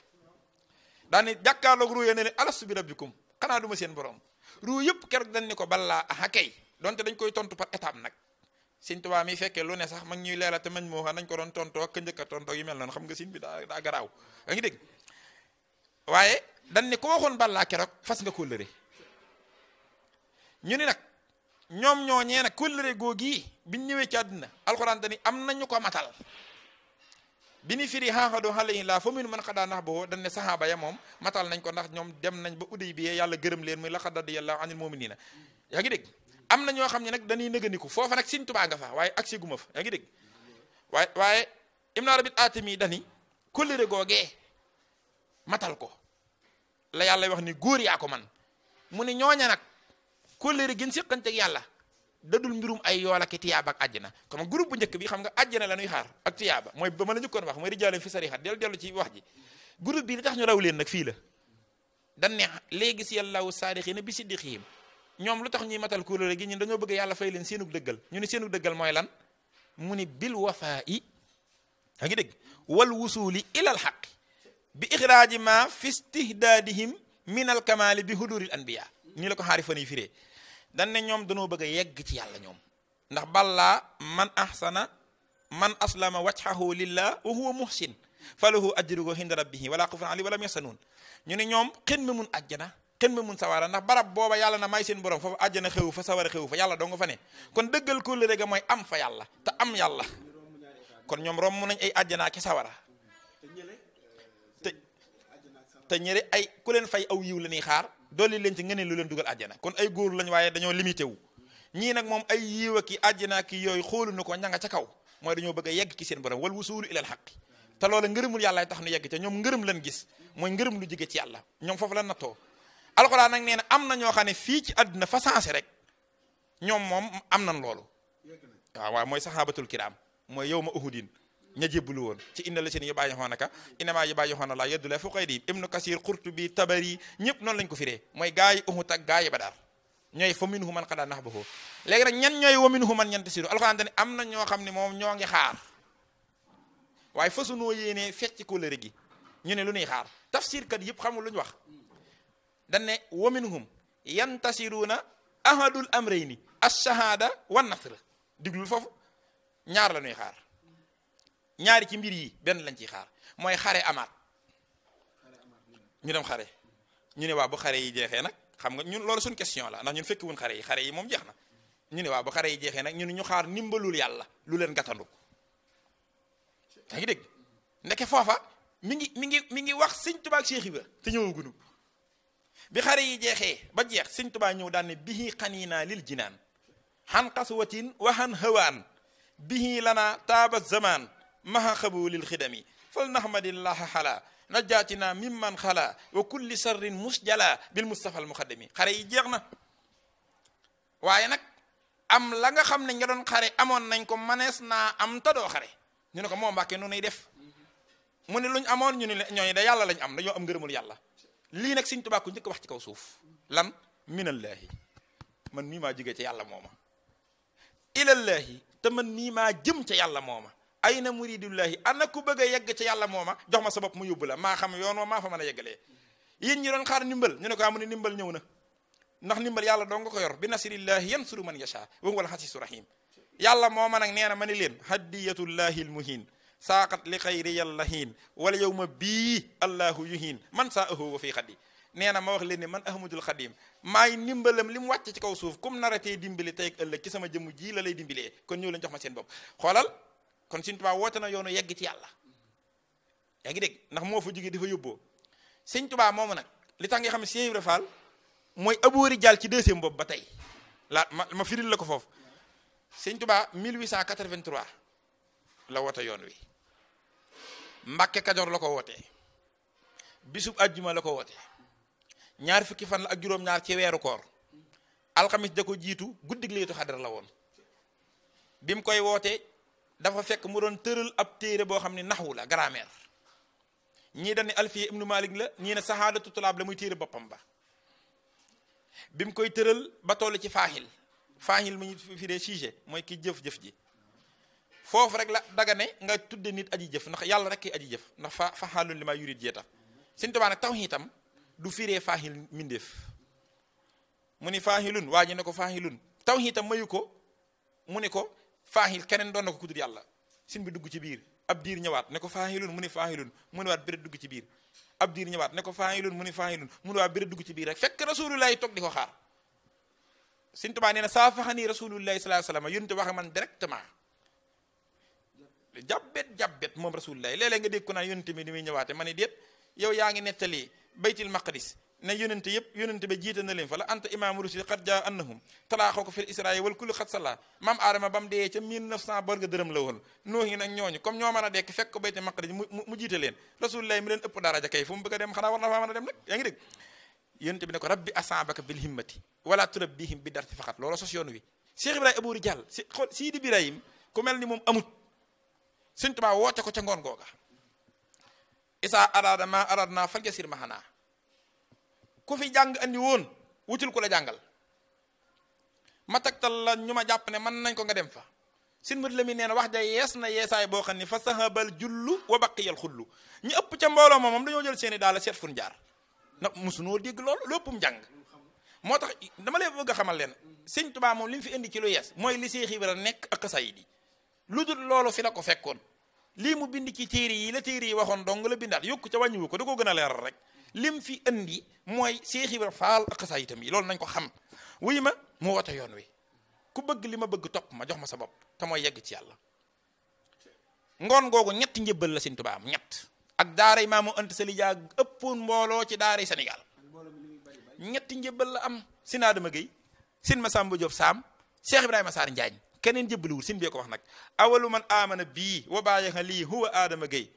daani jàkkaarloog ruuya ne ne alastu bi rabbikum xanaa du ma seen borom ruu yëpp keroog dañ ni ko balaa aha kay donte dañ koy tontu par étape nag sëñ Tuubaa mi fekkee lu ne sax mag ñuy leeral te mañ moo xam nañ ko doon tontoo ak njëkk yu mel noonu xam nga siñ bi daa daa garaaw yaa ngi dégg waaye dañ ko waxoon balaa keroog fas nga kóllëre ñu ni nag ñoom ñoo ñee nag kóllëre bi ñu ñëwee ci àdduna alxuraan dani am ñu ko matal bi ni firi xanxadoo xale yi laa fa minu mën xadaa nax boo dañ ne saxaaba ya moom matal nañ ko ndax ñoom dem nañ ba udey bi yàlla gërëm leen muy laqad radiyallahu anil mu'minina yaa ngi am na ñoo xam ne nag dañuy nëganiku foofa nag Sëriñ Tuubaa nga fa waaye agsi guma fa yaa ngi dégg waaye waaye Ibn Arabi Atimi dani kóllëre googee matal ko la yàlla wax ni góor yaa ko man mu ni ñooña nag kóllëre gën séqanteeg yàlla dadul mbirum ay yool ak tiyaaba ak na kon groupe bu njëkk bi xam nga àjjana la ñuy xaar ak tiyaaba mooy ba ma la njëkkoon wax mooy rijaale fi sarixat del dellu ci wax ji groupe bi li tax ñu raw leen nag fii la dan ne léegi si yàllaawu saarixina bi siddiqihim ñoom lu tax ñuy matal kóllëre gi ñun dañoo bëgg yàlla fay leen seenug dëggal ñu ne seenug dëggal mooy lan mu ni bil wafaa i a ngi dégg wal wusuuli ilal xaq bi ixraaji ma fi istihdaadihim min al kamaali bi huduril anbiya nii la ko xaari yi firee dañ ne ñoom danoo bëgg a yegg ci yàlla ñoom ndax balla man ahsana man aslama wajhahu lillah wa huwa muhsin falahu ajruhu inda rabbihi wala xufran alayhi wala yasanun ñu ne ñoom xen ma mun àjjana xen ma mun sawaara ndax barab booba yàlla na may seen borom foofu àjjana xew fa sawara xewu fa yàlla doo nga fa ne kon dëggal ko rek mooy am fa yàlla te am yàlla kon ñoom romb nañ ay àjjana ki sawara te ñere ay ku leen fay aw yiw la ñuy xaar dolli leen ci ngëneel lu leen dugal àjjana kon ay góor lañ waaye dañoo limité wu ñii nag moom ay yiw ak i àjjana ak yooyu xoolu na ko ña nga ca kaw mooy dañoo bëgg a yegg ki seen borom wal wusuulu ilal xaqi te loola ngërëmul yàlla tax nu yegg te ñoom ngërëm lan gis mooy ngërëm lu jóge ci yàlla ñoom foofu lan nattoo alxuraan nag nee na am na ñoo xam ne fii ci àddina fa sensé rek ñoom moom am na loolu waaw mooy saxaabatul kiraam mooy yow ma uhudin ña jébbalu woon ci inna la si ni yu bàyyi xoon aka innamaa yu bàyyi xoon la yeddule fu koy tabari ñëpp noonu lañ ko firee mooy gaa yi uhut ak gaa yi badar ñooy fa minhu man xadaa nax baxoo léegi nag ñan ñooy wa minhu man ñent siru alxuraan te ne am na ñoo xam ne moom ñoo ngi xaar waaye fasunoo yéenee fecc kóllëre gi ñu ne lu ñuy xaar tafsir kat yëpp xamul lu ñu wax dañ ne wa minhum yantasiruuna ahadul amrayni ashahada wa nasr diglul foofu ñaar la ñuy xaar ñaari ci mbir yi benn lañ ciy xaar mooy xare amaat ñu dem xare ñu ne waa bu xare yi jeexee nag xam nga ñun loolu suñ question la ndax ñun fekki wuñ yi xare yi moom jeex na ñu ne waa bu xare yi jeexee nag ñun ñu xaar ndimbalul yàlla lu leen gàttandu yaa ngi dégg ndeke foofa mi ngi mi ngi mi ngi wax sëñ Tuubaa ak Cheikh Ibra te ñëwagunu bi xare yi jeexee ba jeex sëñ Tuubaa ñëw daan ne bihi xaniinaa lil jinaan xan qaswatin wa xan hawaan bihi lana taaba zamaan maha xabulil xidami fal nahmadillaha xalaa najaatina mimman xalaa wa kulli sarrin musjala bil mustafa al muxaddami xare yi jeex na waaye nag am langa xam ne nga doon xare amoon nañ ko manees naa am ta doo xare ñu ne ko moom moo mbàkkee nay def mu ne luñ amoon ñu ne ñooñu da yàlla lañ am ñoo am ngërëmul yàlla lii nag Sëriñ Tuubaa ku njëkk wax ci kaw suuf lan minallaahi man mii maa jógee ca yàlla mooma ilallaahi te man mii maa jëm ca yàlla mooma ay na muridullahi ana ku bëgg yegg ca yàlla mooma jox ma sa bopp mu yóbbu la maa xam yoon wa maa fa mën a yeggalee yéen ñi doon xaar ndimbal ñu ne ko amu ah, ne ndimbal ñëw na ndax yàlla doo ko yor bi nasrillahi yansuru man yasha wa huwa al-xasiisu rahim yàlla mooma nag nee na ma ni leen hadiyatullahi almuhin saaqat li xayri allahin wala yow ma bii allahu yuhin man saa ahu wa fii xaddi nee na ma wax leen ne man ahmadul xadim maay ndimbalam li mu wàcc ci kaw suuf comme naratee dimbali tey ëllëg ci sama jëmm jii la lay dimbilee kon ñëw leen jox ma seen bopp xoolal kon Sëñ Tuubaa woote na yoonu yegg ci yàlla yaa ngi dégg ndax moo fa jógee dafa yóbboo Sëñ Tuubaa moomu nag li tax nga xam ne Cheikh Ibra Fall mooy aboori jàll ci deuxième boobu ba tey la ma ma firil la ko foofu Sëñ Tuubaa 1883 la woote yoon wi Mbàkke Kajoor la ko wootee bisub àjjuma la ko woote ñaar fukki fan la ak juróom-ñaar ci weeru koor alxamis da ko jiitu guddig leetu xadar la woon bi koy wootee dafa fekk mu doon tëral ab téere boo xam ne naxwu la grammaire ñii dañ ne alfiya ibnu malik la ñii ne sahaadatu tulaab la muy téere boppam ba bi mu koy tëral ba toll ci faaxil faahil mu ñu firee sujet mooy ki jëf ji foofu rek la daga nga tudde nit aji jëf ndax yàlla rek ki aji jëf ndax fa li maa yurid jee tax suñ tubaa nag taw itam du firee faahil mindeef mu ni faahilun waa ji ne ko faahilun taw itam mayu ko mu ni ko faaxil keneen doon na ko ku dul yàlla sin bi dugg ci biir ab diir ñëwaat ne ko faaxilun mu ni faaxilun mu ne waat bëri dugg ci biir ab diir ñëwaat ne ko faaxilun mu ni faaxilun mu ne waat bëri dugg ci biir rek fekk rasulullahi toog di ko xaar Sëñ Tuubaa nee na saa faxani rasulullahi sallallahu alayhi wasallam yónni wax man directement jàbbet jàbbet moom rasulullahi léeg-léeg nga dégg ko naan yónni mi ni muy ñëwaate ma ne déet yow yaa ngi nettali baytil maqdis ne yonente yëpp yonente ba jiite na leen fa la anta imaamu rusul xat jaa annahum talaaxoo ko fil israil wal kullu xat sala maam aadama ba mu dee ca 1900 borga dërëm la woon noohi nag ñooñu comme ñoo mën a dekk fekk ko bayte maqdis mu mu jiite leen rasulullahi mi leen daraja kay fu mu a dem xanaa war na a dem nag yaa ngi dégg bi ne ko rabbi asaabaka bil himmati wala turabbihim bi darti faxat loolu sos wi Cheikh Ibrahima Abouri Diall si xool naa ku fi jàng indi woon wutul ku la jàngal ma taktal la ñu ma jàpp ne man nañ ko nga dem fa sin mat la mi nee na wax ja yees na yeesaay boo xam ni fa sahabal jullu wa baqiyal xullu ñu ëpp ca mbooloo moom moom dañoo jël seeni daal seet fun jaar ndax mosunoo dégg loolu léppum jàng moo tax dama lay bëgg a xamal leen sëñ tubaa moom li mu fi indi ci lu yees mooy li Seex Ibra nekk ak xasaayid yi lu dul loolu fi la ko fekkoon lii mu bind ci téere yi la téere yi waxoon dong la bindaat yokku ca wàññiwu ko da ko gën a leeral rek lim fi indi mooy Cheikh Ibra Faal ak xasaayitam yi loolu nañ ko xam ma mu wote yoon wi ku bëgg li ma bëgg topp ma jox ma sa bopp te mooy yegg ci yàlla ngoon googu ñetti njëbbal la Sëñ am ñett ak daaray Maamu Anta ci daaray Sénégal ñetti njëbbal la am Sëñ Adama Gueye Sëñ Masamba Diop Sam Cheikh Ibrahima Sarr keneen jëbbaluwul sin bee ko wax nag awalu man aamana bii wa bàyyi nga lii huwa Adama Gueye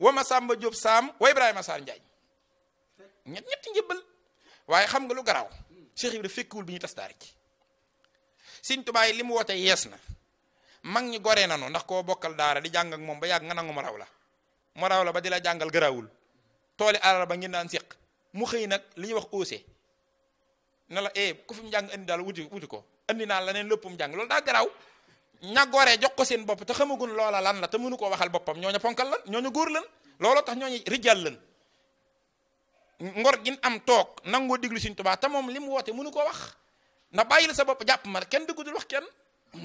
wa Masamba Diop Sam wa Ibrahima Sarr Njaañ ñett ñetti njëbbal waaye xam nga lu garaaw Cheikh Ibra fekkiwul bi ñu tas daara ci Sëñ Tuubaa li mu woote yees na mag ñi goree nanu ndax koo bokkal daara di jàng moom ba yàgg nga nangu mu raw la mu raw ba di la jàngal garaawul tooli alal ba ngeen daan séq mu xëy nag li ñuy wax ose ne la eh ku fi mu jàng indi daal wuti wuti ko indi naa la neen lépp mu jàng loolu daa garaaw ña goree jox ko seen bopp te xamagun loola lan la te mënu koo waxal boppam ñooñu ponkal lan ñooñu góor lan looloo tax ñooñu rijal lan ngor gin am toog nangoo diglu Sëriñ Tuubaa te moom li mu woote mënu ko wax na bàyyil sa bopp jàpp ma kenn dugg dul wax kenn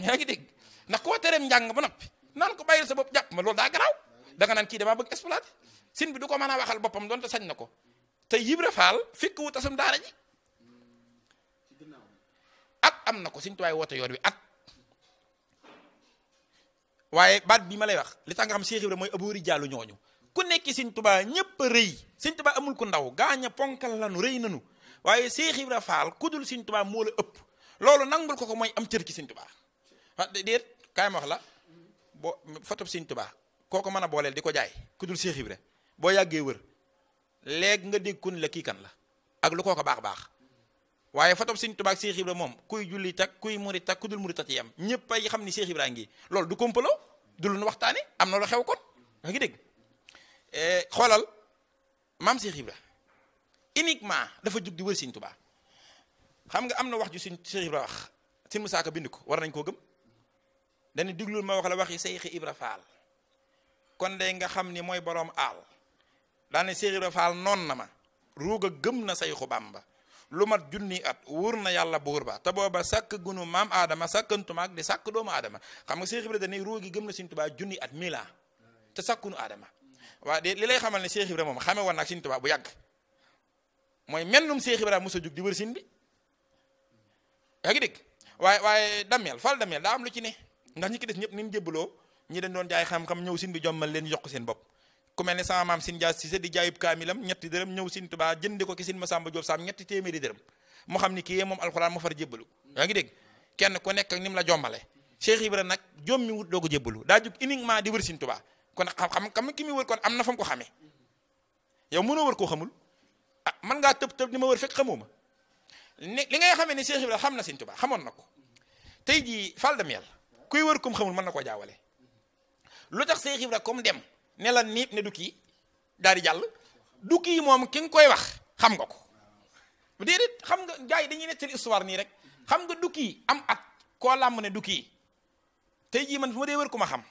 yaa ngi dégg ndax koo tereem njàng ba noppi naan ko bàyyil sa bopp jàpp ma loolu daa garaaw da nga naan kii damaa bëgg exploité sin bi du ko mën a waxal boppam doonte sañ na ko te Ibra Faal fikk wu tasum daara ji at am na ko Sëriñ Tuubaa woote yoon wi at waaye baat bi ma lay wax li tax nga xam Cheikh Ibra mooy aboori jàllu ñooñu ku nekk Sëñ Tuubaa ñëpp a rëy Sëñ Tuubaa amul ku ndaw gaaña ponkal lanu rëy nanu waaye Seex Ibra Faal ku dul Sëñ Tuubaa moo ëpp loolu nangul ko ko mooy am cër ci Sëñ Tuubaa ah déet kaay la boo fotob Sëñ Tuubaa kooko mën a booleel di ko jaay ku dul Seex Ibra boo yàggee wër léegi nga dégg kon la kii kan la ak lu kooko baax baax waaye fotob Sëñ Tuubaa ak Seex Ibra moom kuy julli tak kuy murit tak ku dul murit tak yam ñëpp ay xam ni Seex Ibra ngi loolu du kompaloo du lu nu am na lu xew kon nga ngi dégg Eh, xoolal maam Cheikh Ibra uniquement dafa jug di wër Sëriñ Tuubaa xam nga am na wax ju Sëriñ Cheikh Ibra wax Sëriñ Musaa Ka bind ko war nañ koo gëm dañu diglul ma wax la waxi Cheikh Ibra Faal kon day nga xam ni mooy boroom aal daane Cheikh Ibra Faal noon na ma ruug gëm na Sayxu ba lu mat junni at wóor na yàlla buur ba te booba sàkk gunu maam aadama sàkkantuma ak di sàkk doomu aadama xam nga Cheikh Ibra dañ ne gi gëm na Sëriñ Tuubaa junni at mila te sàkkunu aadama waa waaw li lay xamal ne Cheikh Ibra moom xame woon naag Sëriñ Tuubaa bu yàgg mooy mennum Cheikh Ibra mos a jug di wër sin bi yaa ngi dégg waaye waaye dameel fal dameel daa am lu ci ne ndax ñi ki des ñëpp ni mu jébbaloo ñi dañ doon jaay xam-xam ñëw sin bi jommal leen yokk seen bopp ku mel ne sama maam sin jaas si sa di jaayub kaamilam ñetti dërëm ñëw Sëriñ Tuubaa jëndi ko ki sin Masamba Jóob saam ñetti téeméeri dërëm mu xam ni kii moom alxuraan mu far jébbalu yaa ngi dégg kenn ku nekk ak la jommale Cheikh Ibra nag jommi daa jug uniquement di wër kon xam-xam kam ki muy wër kon am na fa mu ko xamee yow mënoo war koo xamul a ah, man ngaa tëb tëb ni ma wër fekk xamuma ne li ngay xamee ne Cheikh Ibrahima xam na Sëñ Tuubaa xamoon na ko tey jii fal dem yàlla kuy wër kum xamul mën na koo jaawale lu tax Cheikh Ibrahima comme dem ne la niip ne du kii daal di jàll du kii moom ki nga koy wax xam nga ko déedéet xam nga gars yi ne nettali histoire nii rek xam nga du am at ko làmm ne du kii tey jii man fu ma dee wër ku ma xam.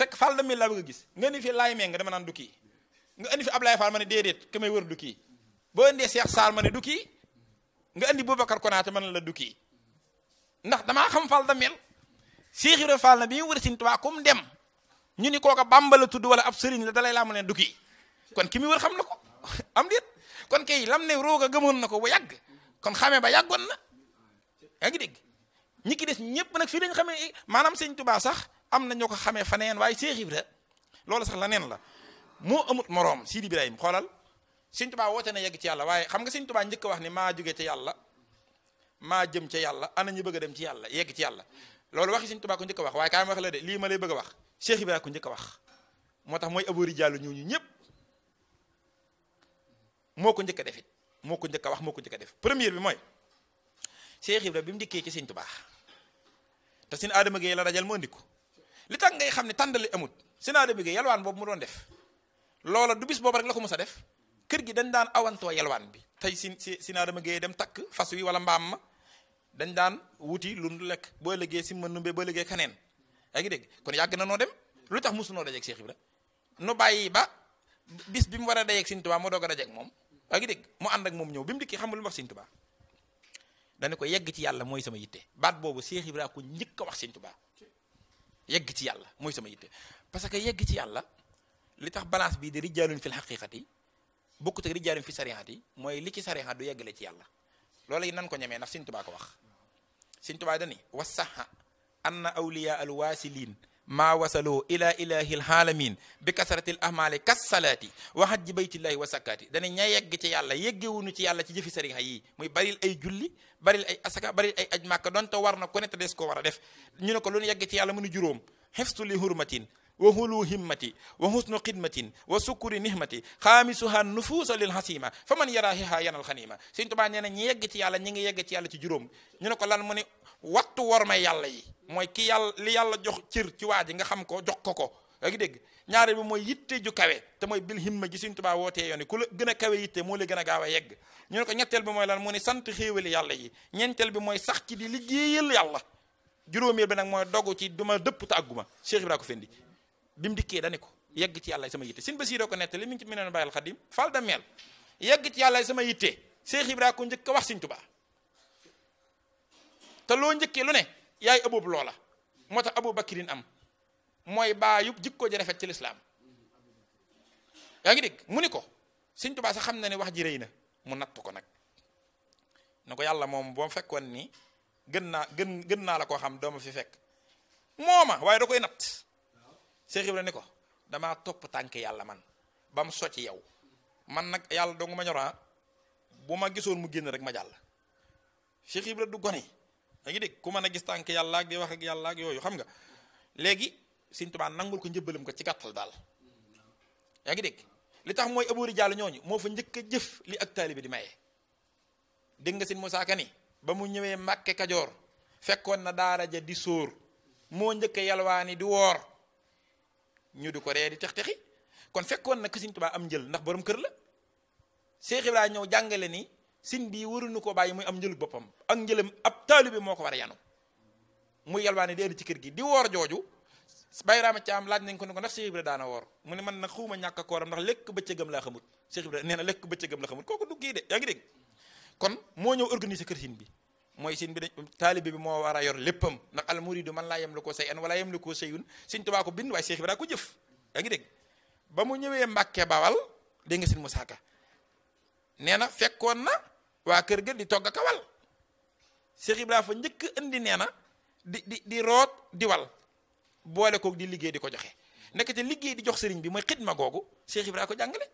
fekk Fall Damel laa bëgg a gis nga indi fi Laye Meng dama naan du kii nga indi fi Ablaye Fall ma ne déedéet ka may wër dukki boo indee Cheikh Sall ma ne du kii nga indi Boubacar Konaté man la du kii ndax damaa xam Fall Damel Cheikh Ibrahima Fall na bi mu wër Sëriñ Tuubaa kum dem ñu ni kooka Bàmba la tudd wala ab sëriñ la dalay laa mu ne du kii kon ki muy wër xam na ko am déet kon kay lam ne roog a gëmoon na ko bu yàgg kon xamee ba yàggoon na yaa ngi dégg ñi ki des ñëpp nag fii dañ xamee maanaam Sëriñ Tuubaa sax am na ñoo ko xamee faneen waaye Cheikh Ibra loolu sax la neen la moo amut moroom Sidi Ibrahima xoolal Sëñ Tuubaa woote na yegg ci yàlla waaye xam nga Sëñ Tuubaa njëkk a wax ni maa jóge ca yàlla maa jëm ca yàlla ana ñu bëgg a dem ci yàlla yegg ci yàlla loolu waxi Sëñ Tuubaa ko njëkk a wax waaye kaay ma wax la de lii ma lay bëgg a wax Cheikh Ibra ko njëkk a wax moo tax mooy abori jàllu ñu ñu ñëpp ko njëkk a def moo ko njëkk wax moo ko njëkk a def première bi mooy Cheikh Ibra bi mu dikkee ci Sëñ Tuubaa te Sëñ Adama Gueye la dajal moo li tax ngay xam ne tàndali amut sénaado bi yalwaan boobu mu doon def loolo du bis boobu rek la ko mos a def kër gi dañ daan awantoo yalwaan bi tey si si sénaado ma dem takk fas wi wala mbaam ma dañ daan wuti lu lekk boo liggéey si mënumbe boo liggéey kaneen yaa ngi dégg kon yàgg na noo dem lu tax mosu noo dajeeg Cheikh Ibra nu bàyyi ba bis bi mu war a dajeeg Sëñ Tuubaa moo doog a dajeeg moom yaa ngi dégg mu ànd ak moom ñëw bi mu dikki xam nga lu mu wax Sëñ ko yegg ci yàlla mooy sama yitte baat boobu Cheikh Ibra ko njëkk wax Sëñ Tuubaa yegg ci yàlla mooy sama yitte parce que yegg ci yàlla li tax balance bi di rijaalun fil haqiqati bokkut ak rijaalun fi sariati mooy li ci sariat du yeggale ci yàlla loolu yi nan ko ñemee ndax Sëñ Tuubaa ko wax Sëñ Tuubaa dani wasaha anna awliya al waasiliin maa wasaloo ila ilahil haalamin bi kasaratil ahmaali kas salaati waxat ji baytillahi wa sakkaati dana ña yegg ci yàlla yeggewunu ci yàlla ci jëfi muy baril ay julli baril ay asaka baril ay aj màkka donte war na ko a def ñu ne ko lu ñu yegg ci yàlla mënu li hurmatin wa hulu himmati wa husnu xidmatin wa sukkuri nihmati xaamisuha nufuusa lil hasima fa man yarahiha yanal xanima sëñ Tuubaa nee na ñi yegg ci yàlla ñi ngi yegg ci yàlla wattu war may yàlla yi mooy ki yàlla li yàlla jox cër ci waa ji nga xam ko jox ko ko yaa dégg ñaareel bi mooy yitte ju kawe te mooy bil himma gi Sëriñ Tuubaa wootee yoon ku la gën a kawe yitte moo la gën a gaaw a yegg ñu ne ko ñetteel bi mooy lan mu ne sant xéewali yàlla yi ñeenteel bi mooy sax ci di liggéeyal yàlla juróomeel bi nag mooy dogu ci duma dëpp te àgguma Cheikh Ibra ko fendi bi mu dikkee dane ko yegg ci yàlla sama yitte Sëriñ Basiru ko nettali mi ngi ci Minanul Baaqil Xadiim fal da meel yegg ci yàlla sama yitte Cheikh Ibra ko njëkk a wax Sëriñ Tuubaa te loo njëkkee lu ne yaay aboob loola moo tax abou bakirin am mooy baa baayub jikko ji rafet ci lislaam yaa ngi dégg mu ni ko sëñ Tuubaa sax xam na ne wax ji rëy na mu natt ko nag na ko yàlla moom boo fekkoon nii gën naa gën gën naa la koo xam dooma fi fekk mooma waaye da koy natt Seex Ibra ni ko damaa topp tànk yàlla man ba mu socc yow man nag yàlla dong ma ñoraa ah. bu ma gisoon mu génn rek ma jàll Seex Ibra du gone da ngi dégg ku mën a gis tànk yàlla ak di wax ak yàlla ak yooyu xam nga léegi Sëriñ Tuubaa nangul ko njëbbalam ko ci gàttal daal yaa ngi dégg li tax mooy abori jàll ñooñu moo fa njëkk a jëf li ak taalibe di maye dégg nga Sëriñ Musaa Ka ni ba mu ñëwee Mbàkke Kajoor fekkoon na daara ja di sóor moo njëkk a yalwaani di woor ñu di ko ree di tex texi kon fekkoon na Sëriñ Tuubaa am njël ndax boroom kër la Seex Ibrahima ñëw jàngale nii sëñ bii waruñu koo bàyyi muy am njëlu boppam ak njëlam ab taalibe moo ko war a yanu mu yalwaane di indi ci kër gi di woor jooju bayraama caam laaj nañ ko ne ko ndax Cheikh daana woor mu ne man nag xuuma ñàkk kooram ndax lekk bëccëgam laa xamut Cheikh Ibra nee na lekk bëccëgam la xamut kooku du kii de yaa kon moo ñëw organiser kër sëñ bi mooy sëñ bi dañ taalibe bi moo war a yor léppam ndax al muridu man laa yem la koo say an wala yem la koo sayun sëñ Tuubaa ko bind waaye Cheikh ko jëf yaa ba mu ñëwee Mbàkke Bawal dégg nga sëñ Musaa Ka fekkoon na waa kër ga di togg a kawal Cheikh fa njëkk indi nee na di di di root di wal boole koog di liggéey di ko joxe nekk te liggéey di jox sëriñ bi mooy xidma googu Cheikh Ibrahima ko jàngale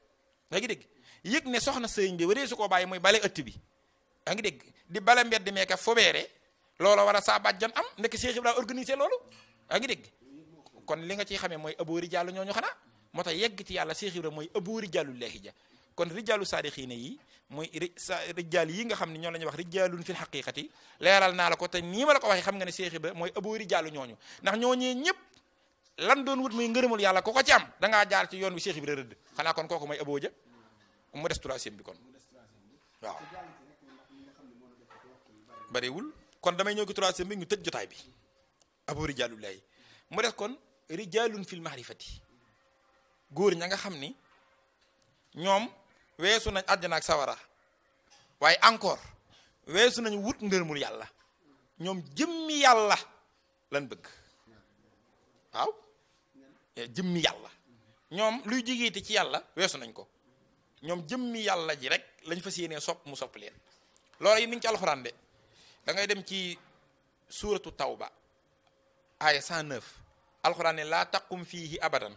yaa ngi dégg yëg ne soxna sëriñ bi waree su koo bàyyi mooy bale ëtt bi yaa ngi dégg di bale mbedd meeka fobeere loola war a saa bàjjan am nekk Cheikh Ibrahima organisé loolu yaa ngi dégg kon li nga ciy xamee mooy aboori jàll ñooñu xanaa moo tax yegg ci yàlla Cheikh Ibrahima mooy aboori jàllullahi ja kon rijaalu saadixiina yi muy rijaal yi nga xam ne ñoom la ñuy wax rijaalun fil xaqiqati leeral naa la ko te nii ma la ko waxee xam nga ne Seex Ibra mooy ëboo rijaalu ñooñu ndax ñooñee ñëpp lan doon wut muy ngërëmul yàlla ko ko ci am da ngaa jaar ci yoon wi Seex Ibra rëdd xanaa kon kooku mooy ëboo ja mu des troisième bi kon waaw bariwul kon damay ñëw ki troisième bi ñu tëj jotaay bi ëboo rijaalu lay mu des kon rijaalun fil maarifati góor ña nga xam ni ñoom weesu nañ àjjana ak sawara waaye encore weesu nañ wut ngërëmul yàlla ñoom jëmmi yàlla lan bëgg waaw jëmmi yàlla ñoom luy jigéete ci yàlla weesu nañ ko ñoom jëmmi yàlla ji rek lañ fas yéenee sopp mu sopp leen loolu yi mi ci alxuraan de da ngay dem ci suuratu tawba aaya 109 alxuraan ne laa taqum fiihi abadan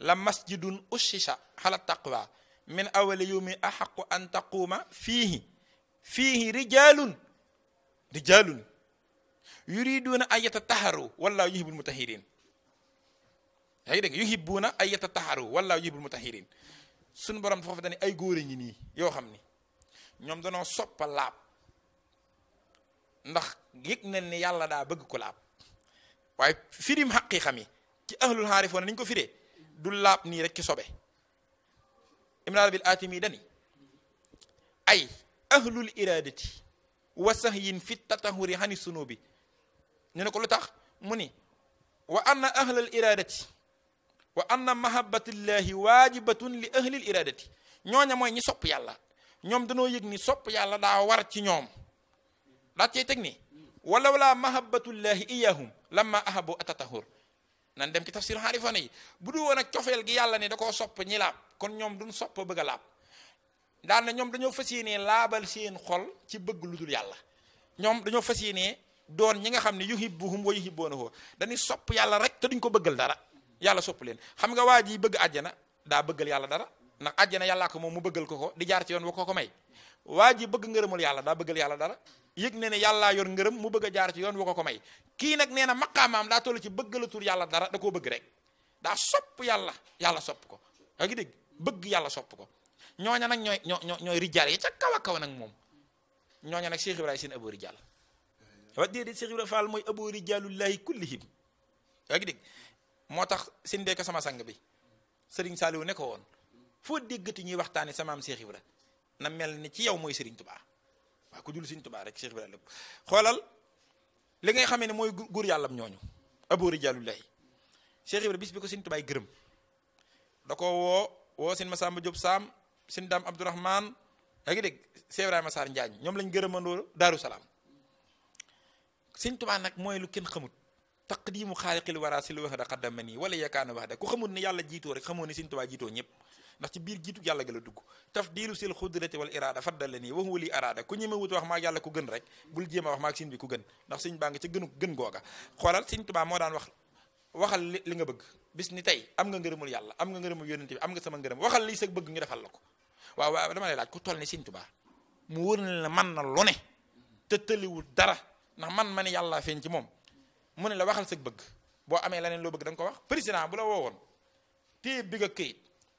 la masjidun xalaat xala taqwa min awali yawmi ahaqu an taquuma fiihi fiihi rijalun rijalun yuriduuna an yatataharu wallahu yuhibul mutahirin yaa ngi dégg yuhibuuna an yatataharu wallahu yuhibul mutahirin suñu borom foofu dañu ay góor ñi nii yoo xam ni ñoom danoo soppa laab ndax yëg nañ ni yàlla daa bëgg ko laab waaye firim xaqi xam yi ci ahlul xaarifoona ni ko fire du laab nii rek ki sobe ibn arabil atimi dani ay ahlul iradati wa sahyin fi tatahuri hani sunubi ñu ne ko lu tax mu ni wa anna ahlal iradati wa anna mahabbatillahi waajibatun li ahlil iradati ñooña mooy ñi sopp yàlla ñoom dañoo yëg sopp yàlla daa war ci ñoom daa cey teg ni walaw laa mahabbatullahi iyahum lamma ahabu atatahur nan dem ci tafsir xaarifana yi bu du woon ak cofeel gi yàlla ne da koo sopp ñi laab kon ñoom duñ sopp bëgg a laab daal na ñoom dañoo fas yéenee laabal seen xol ci bëgg lu dul yàlla ñoom dañoo fas yéenee doon ñi nga xam ne yuhibbuhum wa yuhibboonahu dañuy sopp yàlla rek te duñ ko bëggal dara yàlla sopp leen xam nga waa ji bëgg àjjana daa bëggal yàlla dara ndax àjjana yàllaa ko moom mu bëggal ko ko di jaar ci yoon wa ko ko may waa ji bëgg ngërëmul yàlla daa bëggal yàlla dara yëg ne ne yàllaa yor ngërëm mu bëgg jaar ci yoon wu ko ko may kii nag nee na maqaamaam daa toll ci bëgg la tur yàlla dara da koo bëgg rek daa sopp yàlla yàlla sopp ko yaa bëgg yàlla sopp ko ñooña nag ñooy ñoo ñooy rijaal yi ca kaw nag moom ñooña nag Cheikh Ibrahima seen aboo rijaal wa déedéet mooy aboo rijaalullahi kullihim yaa ngi dégg tax seen dee sama sang bi Serigne Saliou ne ko woon foo déggati ñuy waxtaane samaam Cheikh Ibrahima na mel ni ci yow mooy Serigne Touba. waaw ku dul Sëñ Tuubaa rek Cheikh Ibrahima lépp xoolal li ngay xamee ne mooy góor yàllam ñooñu abu rijaalullahi Cheikh Ibrahima bis bi ko Sëñ Tuubaa gërëm da ko woo woo Sëñ Masamba Diop Sam Sëñ Dame Abdourahmane yaa ngi dégg Cheikh Ibrahima Sarr Njaañ ñoom lañ gërëmandoo Daaru Salaam Sëñ Tuubaa nag mooy lu kenn xamut taqdimu xaaliqil wara si lu wax da xaddama nii wala yakaana wax da ku xamul ne yàlla jiitoo rek xamoo ne Sëriñ Tuubaa jiitoo ñëpp ndax ci biir jiitu yàlla ga la dugg tafdilu sil xudrati wal iraada faddala nii waxu wali araada ku ñeme wut wax maag yàlla ku gën rek bul jéem a wax maag sin bi ku gën ndax sëñ baa nga ca gënu gën googa xoolal Sëriñ Tuubaa moo daan wax waxal li nga bëgg bis ni tey am nga ngërëmul yàlla am nga ngërëmul yonent bi am nga sama sa bëgg ñu defal la ko waaw waaw dama lay laaj ku toll ni Sëriñ na la man na lu ne dara ndax man ma ne yàlla feeñ ci moom mu ne la waxal sa bëgg boo amee leneen loo bëgg danga ko wax président bu la woowoon téye bi nga këyit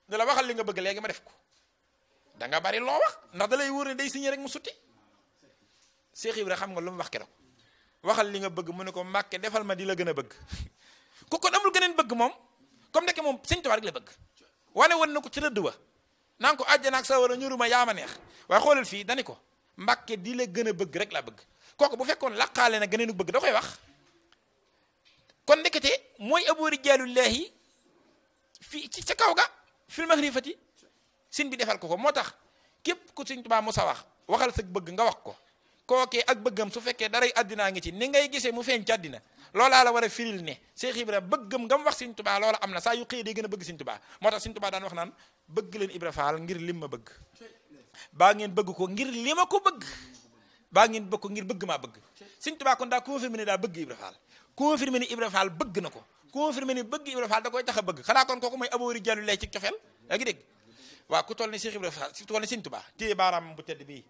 ne la waxal li nga bëgg léegi ma def ko da nga bari loo wax ndax da lay wóor ne day signé rek mu sutti Cheikh Ibra xam nga lu mu wax keroog waxal li nga bëgg mu ne ko Mbàkke defal ma di la gën a bëgg ku kon amul gëneen bëgg moom comme nekk moom Sëñ Tuubaa rek la bëgg wane woon na ko ci rëdd wa naan ko àjjana ak sa war a ñuruma yaa ma neex waaye xoolal fii dani ko Mbàkke di la gën a bëgg rek la bëgg kooku bu fekkoon laqaale na gëneenu bëgg da koy wax kon ndekete mooy abu rijaalullahi fii ci ca kaw ga fil maxrifati sin bi defal ko moo tax ko ku Sëñ mu sa wax waxal sa bëgg nga wax ko kookee ak bëggam su fekkee daray àddinaa ngi ci ni ngay gisee mu feen ci àddina loolaa la war a firil ne Cheikh Ibra bëggam nga wax Sëñ Tuubaa loola am na saa yu xëyee day gën a bëgg Sëñ Tuubaa moo tax Sëñ Tuubaa daan wax naan bëgg leen Ibra Faal ngir lim ma bëgg baa ngeen bëgg ko ngir li ma ko bëgg baa ngeen bëgg ko ngir bëgg maa bëgg Sëñ Tuubaa kon daa confirmé bëgg Ibra Faal confirmer ni Ibra Fall bëgg na ko confirmer ni bëgg Ibra Fall da koy tax a bëgg xanaa kon kooku mooy aboori jallu lay ci cofeel yaa ngi dégg waaw ku toll ni Cheikh Ibra Fall ku toll ni Sëñ Tuubaa téye baaraam bu tedd bii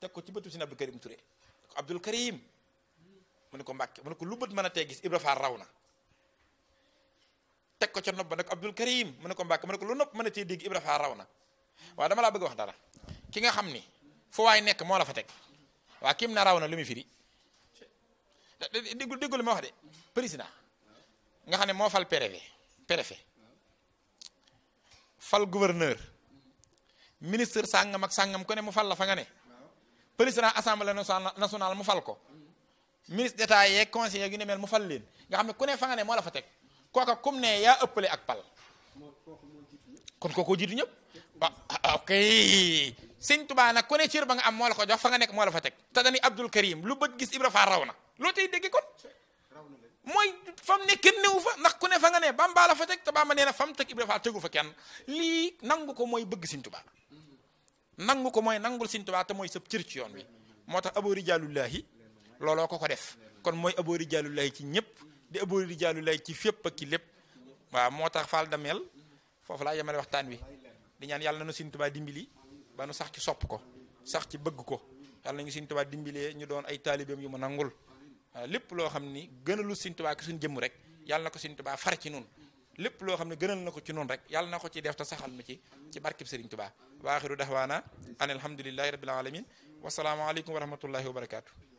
teg ko ci bëtu Sëñ Abdou Karim Touré ko Abdou Karim mu ne ko Mbàkke mu ne ko lu bët mën a tee gis Ibra raw na teg ko ca nopp ba nag Abdul Karim mu ne ko Mbàkke mu ko lu nopp mën a cee dégg Ibra Fall raw na waaw dama laa bëgg wax dara ki nga xam ni fu waay nekk moo la fa teg waa kim na raw na lu muy firi déggu déggu li ma wax de président nga xam ne moo fal pere préfet fal gouverneur ministre sàngam ak sàngam ku ne mu fal la fa nga ne président assemblée national mu fal ko ministre d'état yee conseiller gi ne mel mu fal leen nga xam ne ku ne fa nga ne moo la fa teg kooka kum ne yaa ëppale ak pal kon kooko jiitu ñëpp ah ok sëñ Tuubaa nag ku ne cër ba nga am moo la ko jox fa nga nekk moo la fa teg te dañuy Abdul Karim lu bët gis Ibra Faal raw na loo tey dégg kon mooy fam ne kenn newu fa ndax ku ne fa nga ne Bamba la fa teg te Bamba nee na fam teg Ibra Faal tegu fa kenn lii nangu ko mooy bëgg Sëñ Tuubaa nangu ko mooy nangul Sëñ Tuubaa te mooy sëb cër ci yoon wi moo tax aboo rijaalullahi looloo ko ko def kon mooy aboo rijaalullahi ci ñëpp di aboo rijaalullahi ci fépp ak ci lépp waaw moo tax Fall Damel foofu laa yemale waxtaan wi di ñaan yàlla na nu Sëñ Tuubaa dimbali ba nu sax ci sopp ko sax ci bëgg ko yàlla na Sëñ Tuubaa dimbilee ñu doon ay taalibeem yu mu nangul Euh, lépp loo xam ni gënalu Sëriñ Tuubaa ki suñ jëmm rek yàlla ko Sëriñ Tuubaa far ci nun lépp loo xam ne gënal na ko ci nun rek yàlla na ko ci def te saxal nu ci ci barkib Sëriñ Tuubaa waaxiru daxwaana an alhamdulillahi rabbil alamin wasalaamualeykum wa rahmatullahi wa barakaatu